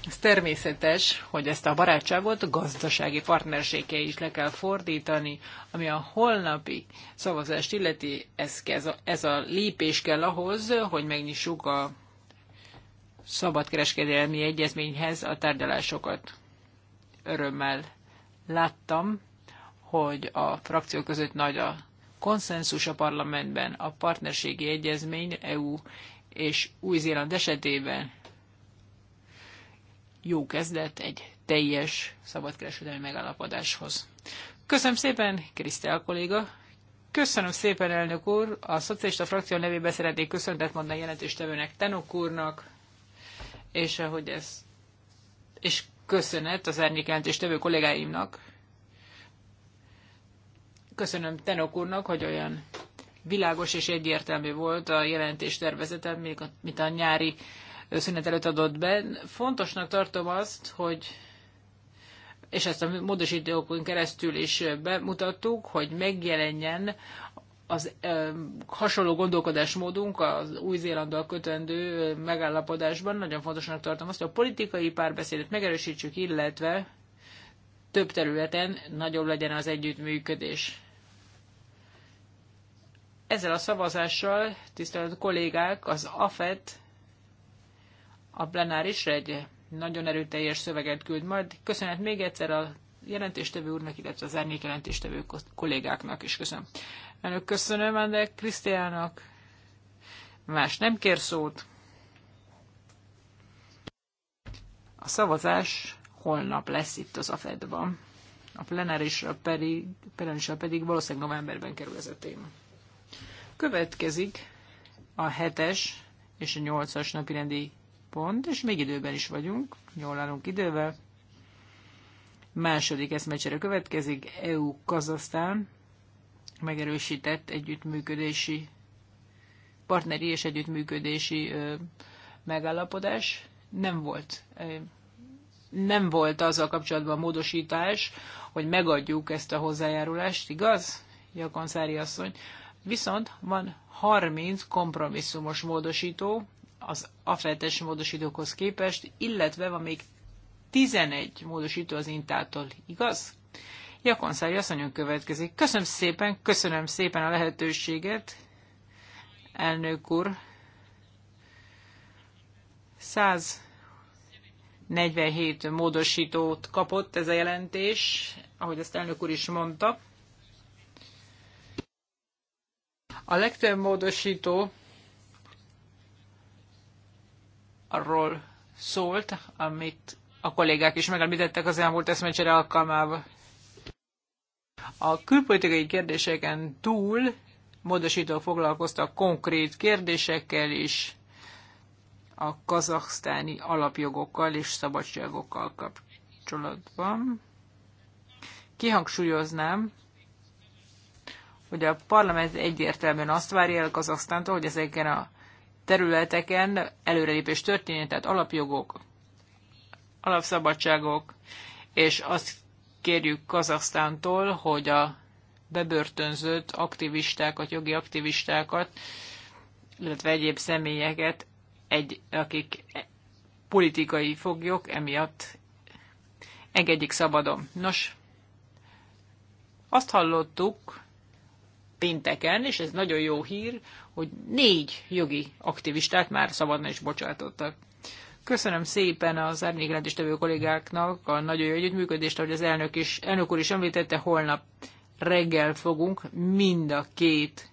Ez természetes, hogy ezt a barátságot gazdasági partnerségé is le kell fordítani, ami a holnapi szavazást illeti, ez, ez, a, ez a lépés kell ahhoz, hogy megnyissuk a szabadkereskedelmi egyezményhez a tárgyalásokat. Örömmel láttam, hogy a frakció között nagy a konszenzus a parlamentben, a partnerségi egyezmény EU és Új-Zéland esetében jó kezdet egy teljes szabadkereskedelmi megállapodáshoz. Köszönöm szépen, Krisztel kolléga! Köszönöm szépen, elnök úr! A szocialista frakció nevében szeretnék köszöntet mondani jelentéstevőnek Tenok úrnak, és ahogy ez, és köszönet az árnyék jelentéstevő kollégáimnak. Köszönöm Tenok úrnak, hogy olyan világos és egyértelmű volt a jelentés tervezete, mint a nyári szünet előtt adott be. Fontosnak tartom azt, hogy és ezt a módosítókon keresztül is bemutattuk, hogy megjelenjen az ö, hasonló gondolkodásmódunk az új zélandal kötendő megállapodásban. Nagyon fontosnak tartom azt, hogy a politikai párbeszédet megerősítsük, illetve több területen nagyobb legyen az együttműködés. Ezzel a szavazással, tisztelt kollégák, az AFET a plenárisra egy nagyon erőteljes szöveget küld majd. Köszönet még egyszer a jelentéstevő úrnak, illetve az árnyék jelentéstevő kollégáknak is köszönöm. Önök köszönöm, de Krisztiának más nem kér szót. A szavazás holnap lesz itt az AFED-ban. A plenárisra pedig, plenárisra pedig valószínűleg novemberben kerül ez a téma. Következik a hetes és a nyolcas napirendi pont, és még időben is vagyunk, jól állunk idővel. Második eszmecsere következik, EU-Kazasztán megerősített együttműködési, partneri és együttműködési ö, megállapodás. Nem volt ö, nem volt azzal kapcsolatban módosítás, hogy megadjuk ezt a hozzájárulást, igaz, Szári asszony? Viszont van 30 kompromisszumos módosító, az afletes módosítókhoz képest, illetve van még 11 módosító az Intától, igaz? Jakonszári asszonyon következik. Köszönöm szépen, köszönöm szépen a lehetőséget, elnök úr. 147 módosítót kapott ez a jelentés, ahogy ezt elnök úr is mondta. A legtöbb módosító arról szólt, amit a kollégák is megemlítettek az elmúlt eszmecsere alkalmával. A külpolitikai kérdéseken túl módosító foglalkoztak konkrét kérdésekkel is, a kazaksztáni alapjogokkal és szabadságokkal kapcsolatban. Kihangsúlyoznám, hogy a parlament egyértelműen azt várja el Kazaksztántól, hogy ezeken a területeken előrelépés történik, tehát alapjogok, alapszabadságok, és azt kérjük Kazasztántól, hogy a bebörtönzött aktivistákat, jogi aktivistákat, illetve egyéb személyeket, egy, akik politikai foglyok, emiatt engedjék szabadon. Nos, azt hallottuk pinteken, és ez nagyon jó hír, hogy négy jogi aktivistát már szabadna is bocsátottak. Köszönöm szépen az tevő kollégáknak a nagyon jó együttműködést, ahogy az elnök, is, elnök úr is említette, holnap reggel fogunk mind a két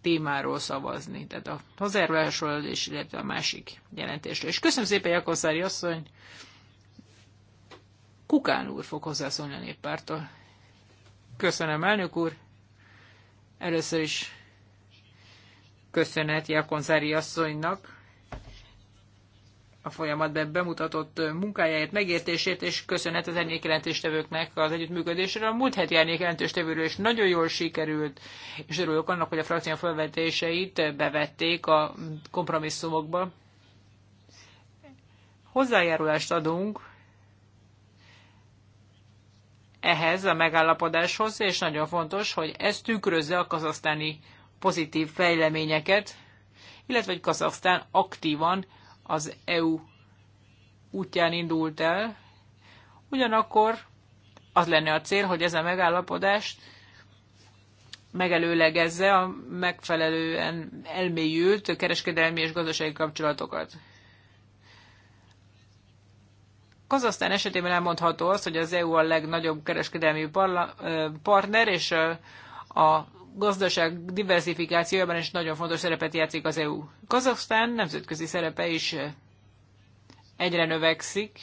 témáról szavazni, tehát a hozzájárulásról és illetve a másik jelentésről. És köszönöm szépen, Jakoszári asszony! Kukán úr fog hozzászólni a néppártól. Köszönöm, elnök úr! Először is köszönet Jakonszári asszonynak a folyamatban bemutatott munkájáért, megértését, és köszönet az árnyékjelentéstevőknek az együttműködésre. A múlt heti árnyékjelentéstevőről is nagyon jól sikerült, és örülök annak, hogy a frakció felvetéseit bevették a kompromisszumokba. Hozzájárulást adunk ehhez a megállapodáshoz, és nagyon fontos, hogy ez tükrözze a kazasztáni pozitív fejleményeket, illetve hogy Kazaksztán aktívan az EU útján indult el. Ugyanakkor az lenne a cél, hogy ez a megállapodást megelőlegezze a megfelelően elmélyült kereskedelmi és gazdasági kapcsolatokat. Kazasztán esetében elmondható az, hogy az EU a legnagyobb kereskedelmi partner, és a gazdaság diversifikációjában is nagyon fontos szerepet játszik az EU. Kazaksztán nemzetközi szerepe is egyre növekszik.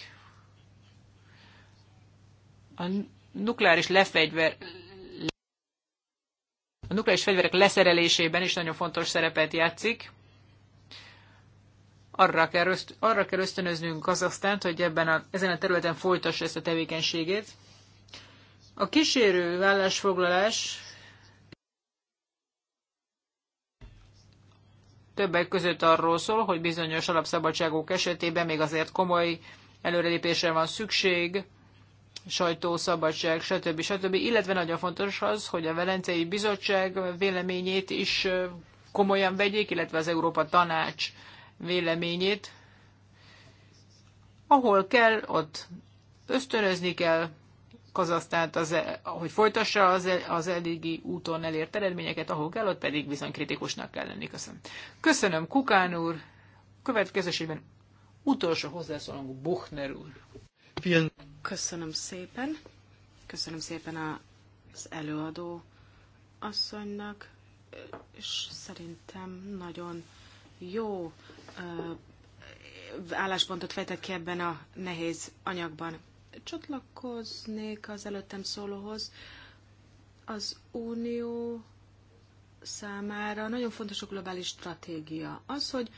A nukleáris lefegyver a nukleáris fegyverek leszerelésében is nagyon fontos szerepet játszik. Arra kell, öszt, arra kell ösztönöznünk Kazasztánt, hogy ebben a, ezen a területen folytassa ezt a tevékenységét. A kísérő állásfoglalás Többek között arról szól, hogy bizonyos alapszabadságok esetében még azért komoly előrelépésre van szükség, sajtószabadság, stb. stb. Illetve nagyon fontos az, hogy a Velencei Bizottság véleményét is komolyan vegyék, illetve az Európa Tanács véleményét. Ahol kell, ott ösztönözni kell, Kazasztánt, az, e- hogy folytassa az, e- az eddigi úton elért eredményeket, ahol kell, ott pedig bizony kritikusnak kell lenni. Köszönöm. Köszönöm, Kukán úr. Következésében utolsó hozzászólunk, Buchner úr. Köszönöm szépen. Köszönöm szépen az előadó asszonynak, és szerintem nagyon jó álláspontot fejtett ki ebben a nehéz anyagban. Csatlakoznék az előttem szólóhoz. Az Unió számára nagyon fontos a globális stratégia. Az, hogy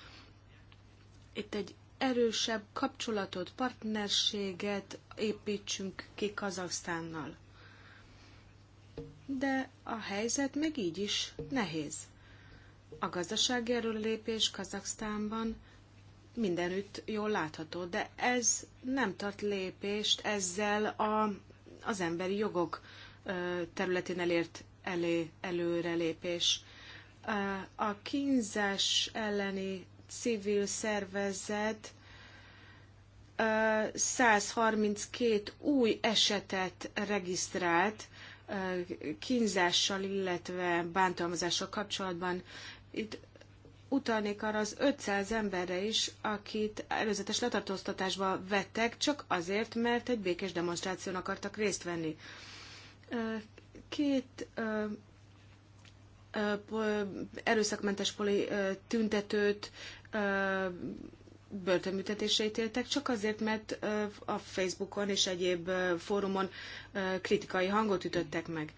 itt egy erősebb kapcsolatot, partnerséget építsünk ki Kazaksztánnal. De a helyzet még így is nehéz. A gazdasági erőlépés Kazaksztánban mindenütt jól látható, de ez nem tart lépést ezzel a, az emberi jogok területén elért elé, előrelépés. A kínzás elleni civil szervezet 132 új esetet regisztrált kínzással, illetve bántalmazással kapcsolatban. Itt utalnék arra az 500 emberre is, akit előzetes letartóztatásba vettek, csak azért, mert egy békés demonstráción akartak részt venni. Két erőszakmentes poli tüntetőt börtönbüntetésre ítéltek, csak azért, mert a Facebookon és egyéb fórumon kritikai hangot ütöttek meg.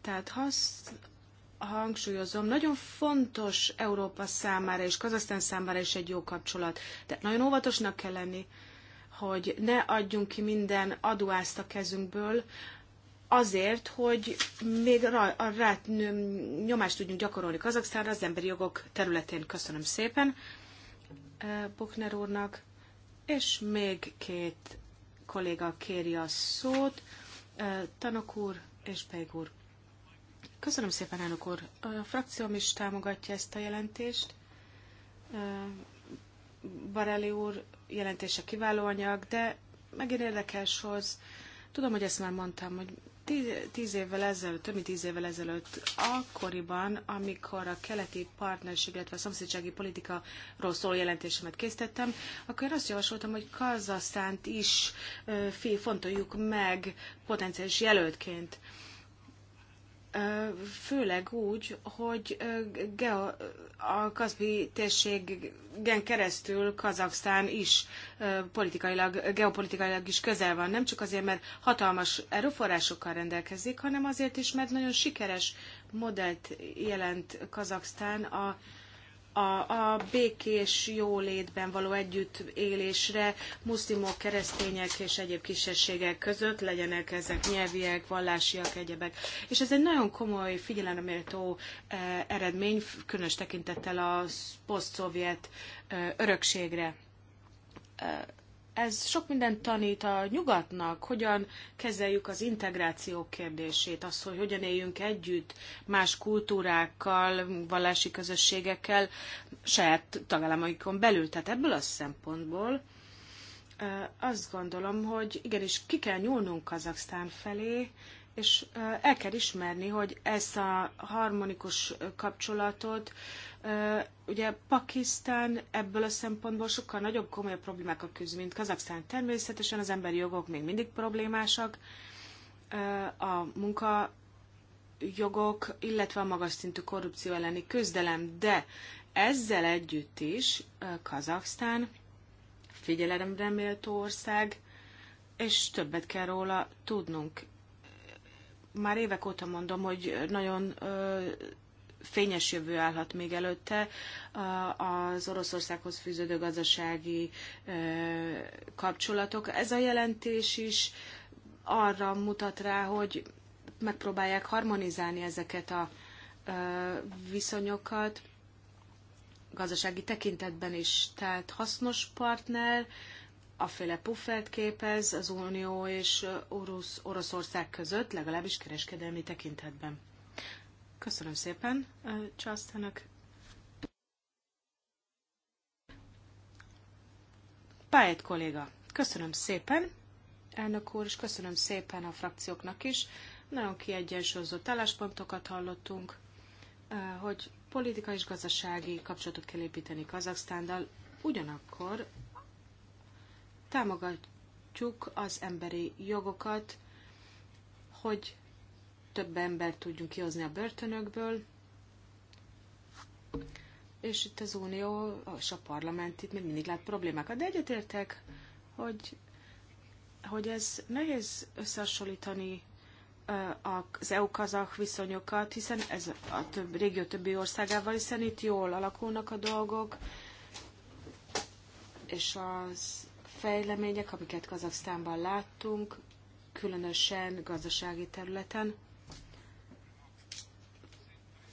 Tehát ha hangsúlyozom, nagyon fontos Európa számára és Kazasztán számára is egy jó kapcsolat. De nagyon óvatosnak kell lenni, hogy ne adjunk ki minden aduászt a kezünkből, azért, hogy még rá, rá nyomást tudjunk gyakorolni Kazaksztánra az emberi jogok területén. Köszönöm szépen eh, Bukner úrnak, és még két kolléga kéri a szót, eh, Tanok úr és Beg úr. Köszönöm szépen, elnök úr. A frakcióm is támogatja ezt a jelentést. Barelli úr jelentése kiváló anyag, de megint érdekes hoz. Tudom, hogy ezt már mondtam, hogy tíz, tíz évvel ezelőtt, több mint tíz évvel ezelőtt, akkoriban, amikor a keleti partnerség, illetve a szomszédsági politikaról szóló jelentésemet készítettem, akkor azt javasoltam, hogy Kazasztánt is fontoljuk meg potenciális jelöltként főleg úgy, hogy a Kaspi térségen keresztül Kazaksztán is politikailag, geopolitikailag is közel van. Nem csak azért, mert hatalmas erőforrásokkal rendelkezik, hanem azért is, mert nagyon sikeres modellt jelent Kazaksztán a a, a békés jólétben való együttélésre muszlimok, keresztények és egyéb kisebbségek között legyenek ezek nyelviek, vallásiak, egyebek. És ez egy nagyon komoly, figyelemértó e, eredmény, különös tekintettel a poszt-szovjet e, örökségre e, ez sok mindent tanít a nyugatnak, hogyan kezeljük az integráció kérdését, az, hogy hogyan éljünk együtt más kultúrákkal, vallási közösségekkel, saját tagállamaikon belül. Tehát ebből a szempontból azt gondolom, hogy igenis ki kell nyúlnunk Kazaksztán felé, és el kell ismerni, hogy ezt a harmonikus kapcsolatot, ugye Pakisztán ebből a szempontból sokkal nagyobb komoly problémákkal küzd, mint Kazaksztán. Természetesen az emberi jogok még mindig problémásak, a munka jogok, illetve a magas szintű korrupció elleni küzdelem, de ezzel együtt is Kazaksztán figyelemre méltó ország, és többet kell róla tudnunk már évek óta mondom, hogy nagyon fényes jövő állhat még előtte az Oroszországhoz fűződő gazdasági kapcsolatok. Ez a jelentés is arra mutat rá, hogy megpróbálják harmonizálni ezeket a viszonyokat gazdasági tekintetben is. Tehát hasznos partner, aféle puffert képez az Unió és Orosz, Oroszország között, legalábbis kereskedelmi tekintetben. Köszönöm szépen, Császtának. Pályet kolléga, köszönöm szépen, elnök úr, és köszönöm szépen a frakcióknak is. Nagyon kiegyensúlyozott álláspontokat hallottunk, hogy politikai és gazdasági kapcsolatot kell építeni Kazaksztándal, ugyanakkor támogatjuk az emberi jogokat, hogy több embert tudjunk kihozni a börtönökből, és itt az Unió és a parlament itt még mindig lát problémákat. De egyetértek, hogy, hogy ez nehéz összehasonlítani az EU-kazak viszonyokat, hiszen ez a több, régió többi országával, hiszen itt jól alakulnak a dolgok, és az fejlemények, amiket Kazaksztánban láttunk, különösen gazdasági területen,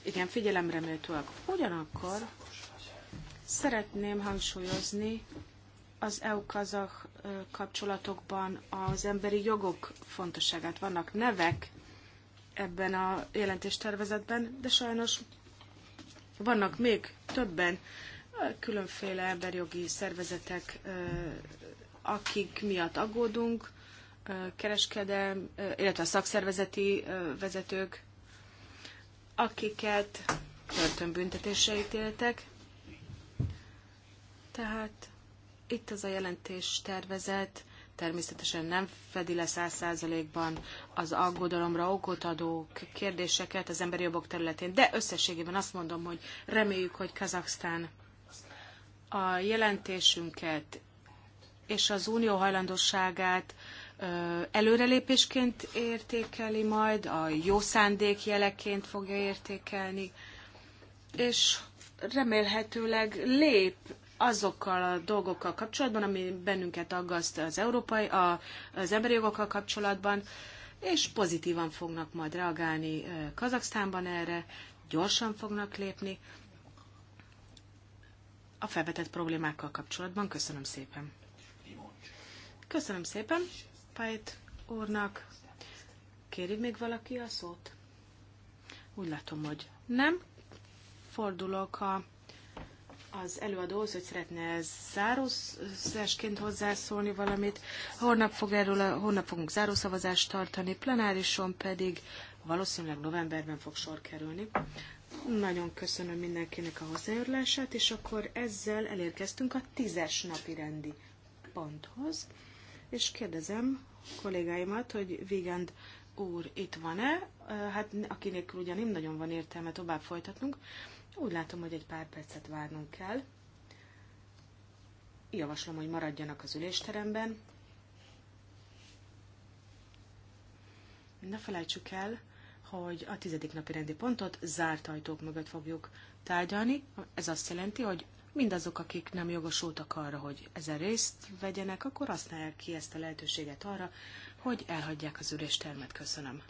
igen, figyelemre méltóak. Ugyanakkor szeretném hangsúlyozni az EU-kazak kapcsolatokban az emberi jogok fontosságát. Vannak nevek ebben a jelentéstervezetben, de sajnos vannak még többen különféle emberjogi szervezetek akik miatt aggódunk, kereskedelm, illetve a szakszervezeti vezetők, akiket börtönbüntetésre ítéltek. Tehát itt az a jelentés tervezet természetesen nem fedi le száz százalékban az aggodalomra okot adó kérdéseket az emberi jogok területén, de összességében azt mondom, hogy reméljük, hogy Kazaksztán a jelentésünket és az unió hajlandóságát előrelépésként értékeli majd, a jó szándék jeleként fogja értékelni, és remélhetőleg lép azokkal a dolgokkal kapcsolatban, ami bennünket aggaszt az európai, a, az emberi jogokkal kapcsolatban, és pozitívan fognak majd reagálni Kazaksztánban erre, gyorsan fognak lépni a felvetett problémákkal kapcsolatban. Köszönöm szépen! Köszönöm szépen Pajt úrnak. Kéri még valaki a szót? Úgy látom, hogy nem. Fordulok a, az előadóhoz, hogy szeretne zárószásként hozzászólni valamit. Holnap, fog erről a, holnap fogunk zárószavazást tartani, plenárison pedig valószínűleg novemberben fog sor kerülni. Nagyon köszönöm mindenkinek a hozzájárulását, és akkor ezzel elérkeztünk a tízes napi rendi ponthoz és kérdezem kollégáimat, hogy Vigand úr itt van-e, hát aki nélkül ugyan nem nagyon van értelme tovább folytatnunk, úgy látom, hogy egy pár percet várnunk kell. Javaslom, hogy maradjanak az ülésteremben. Ne felejtsük el, hogy a tizedik napi rendi pontot zárt ajtók mögött fogjuk tárgyalni. Ez azt jelenti, hogy mindazok, akik nem jogosultak arra, hogy ezen részt vegyenek, akkor használják ki ezt a lehetőséget arra, hogy elhagyják az üléstermet. Köszönöm.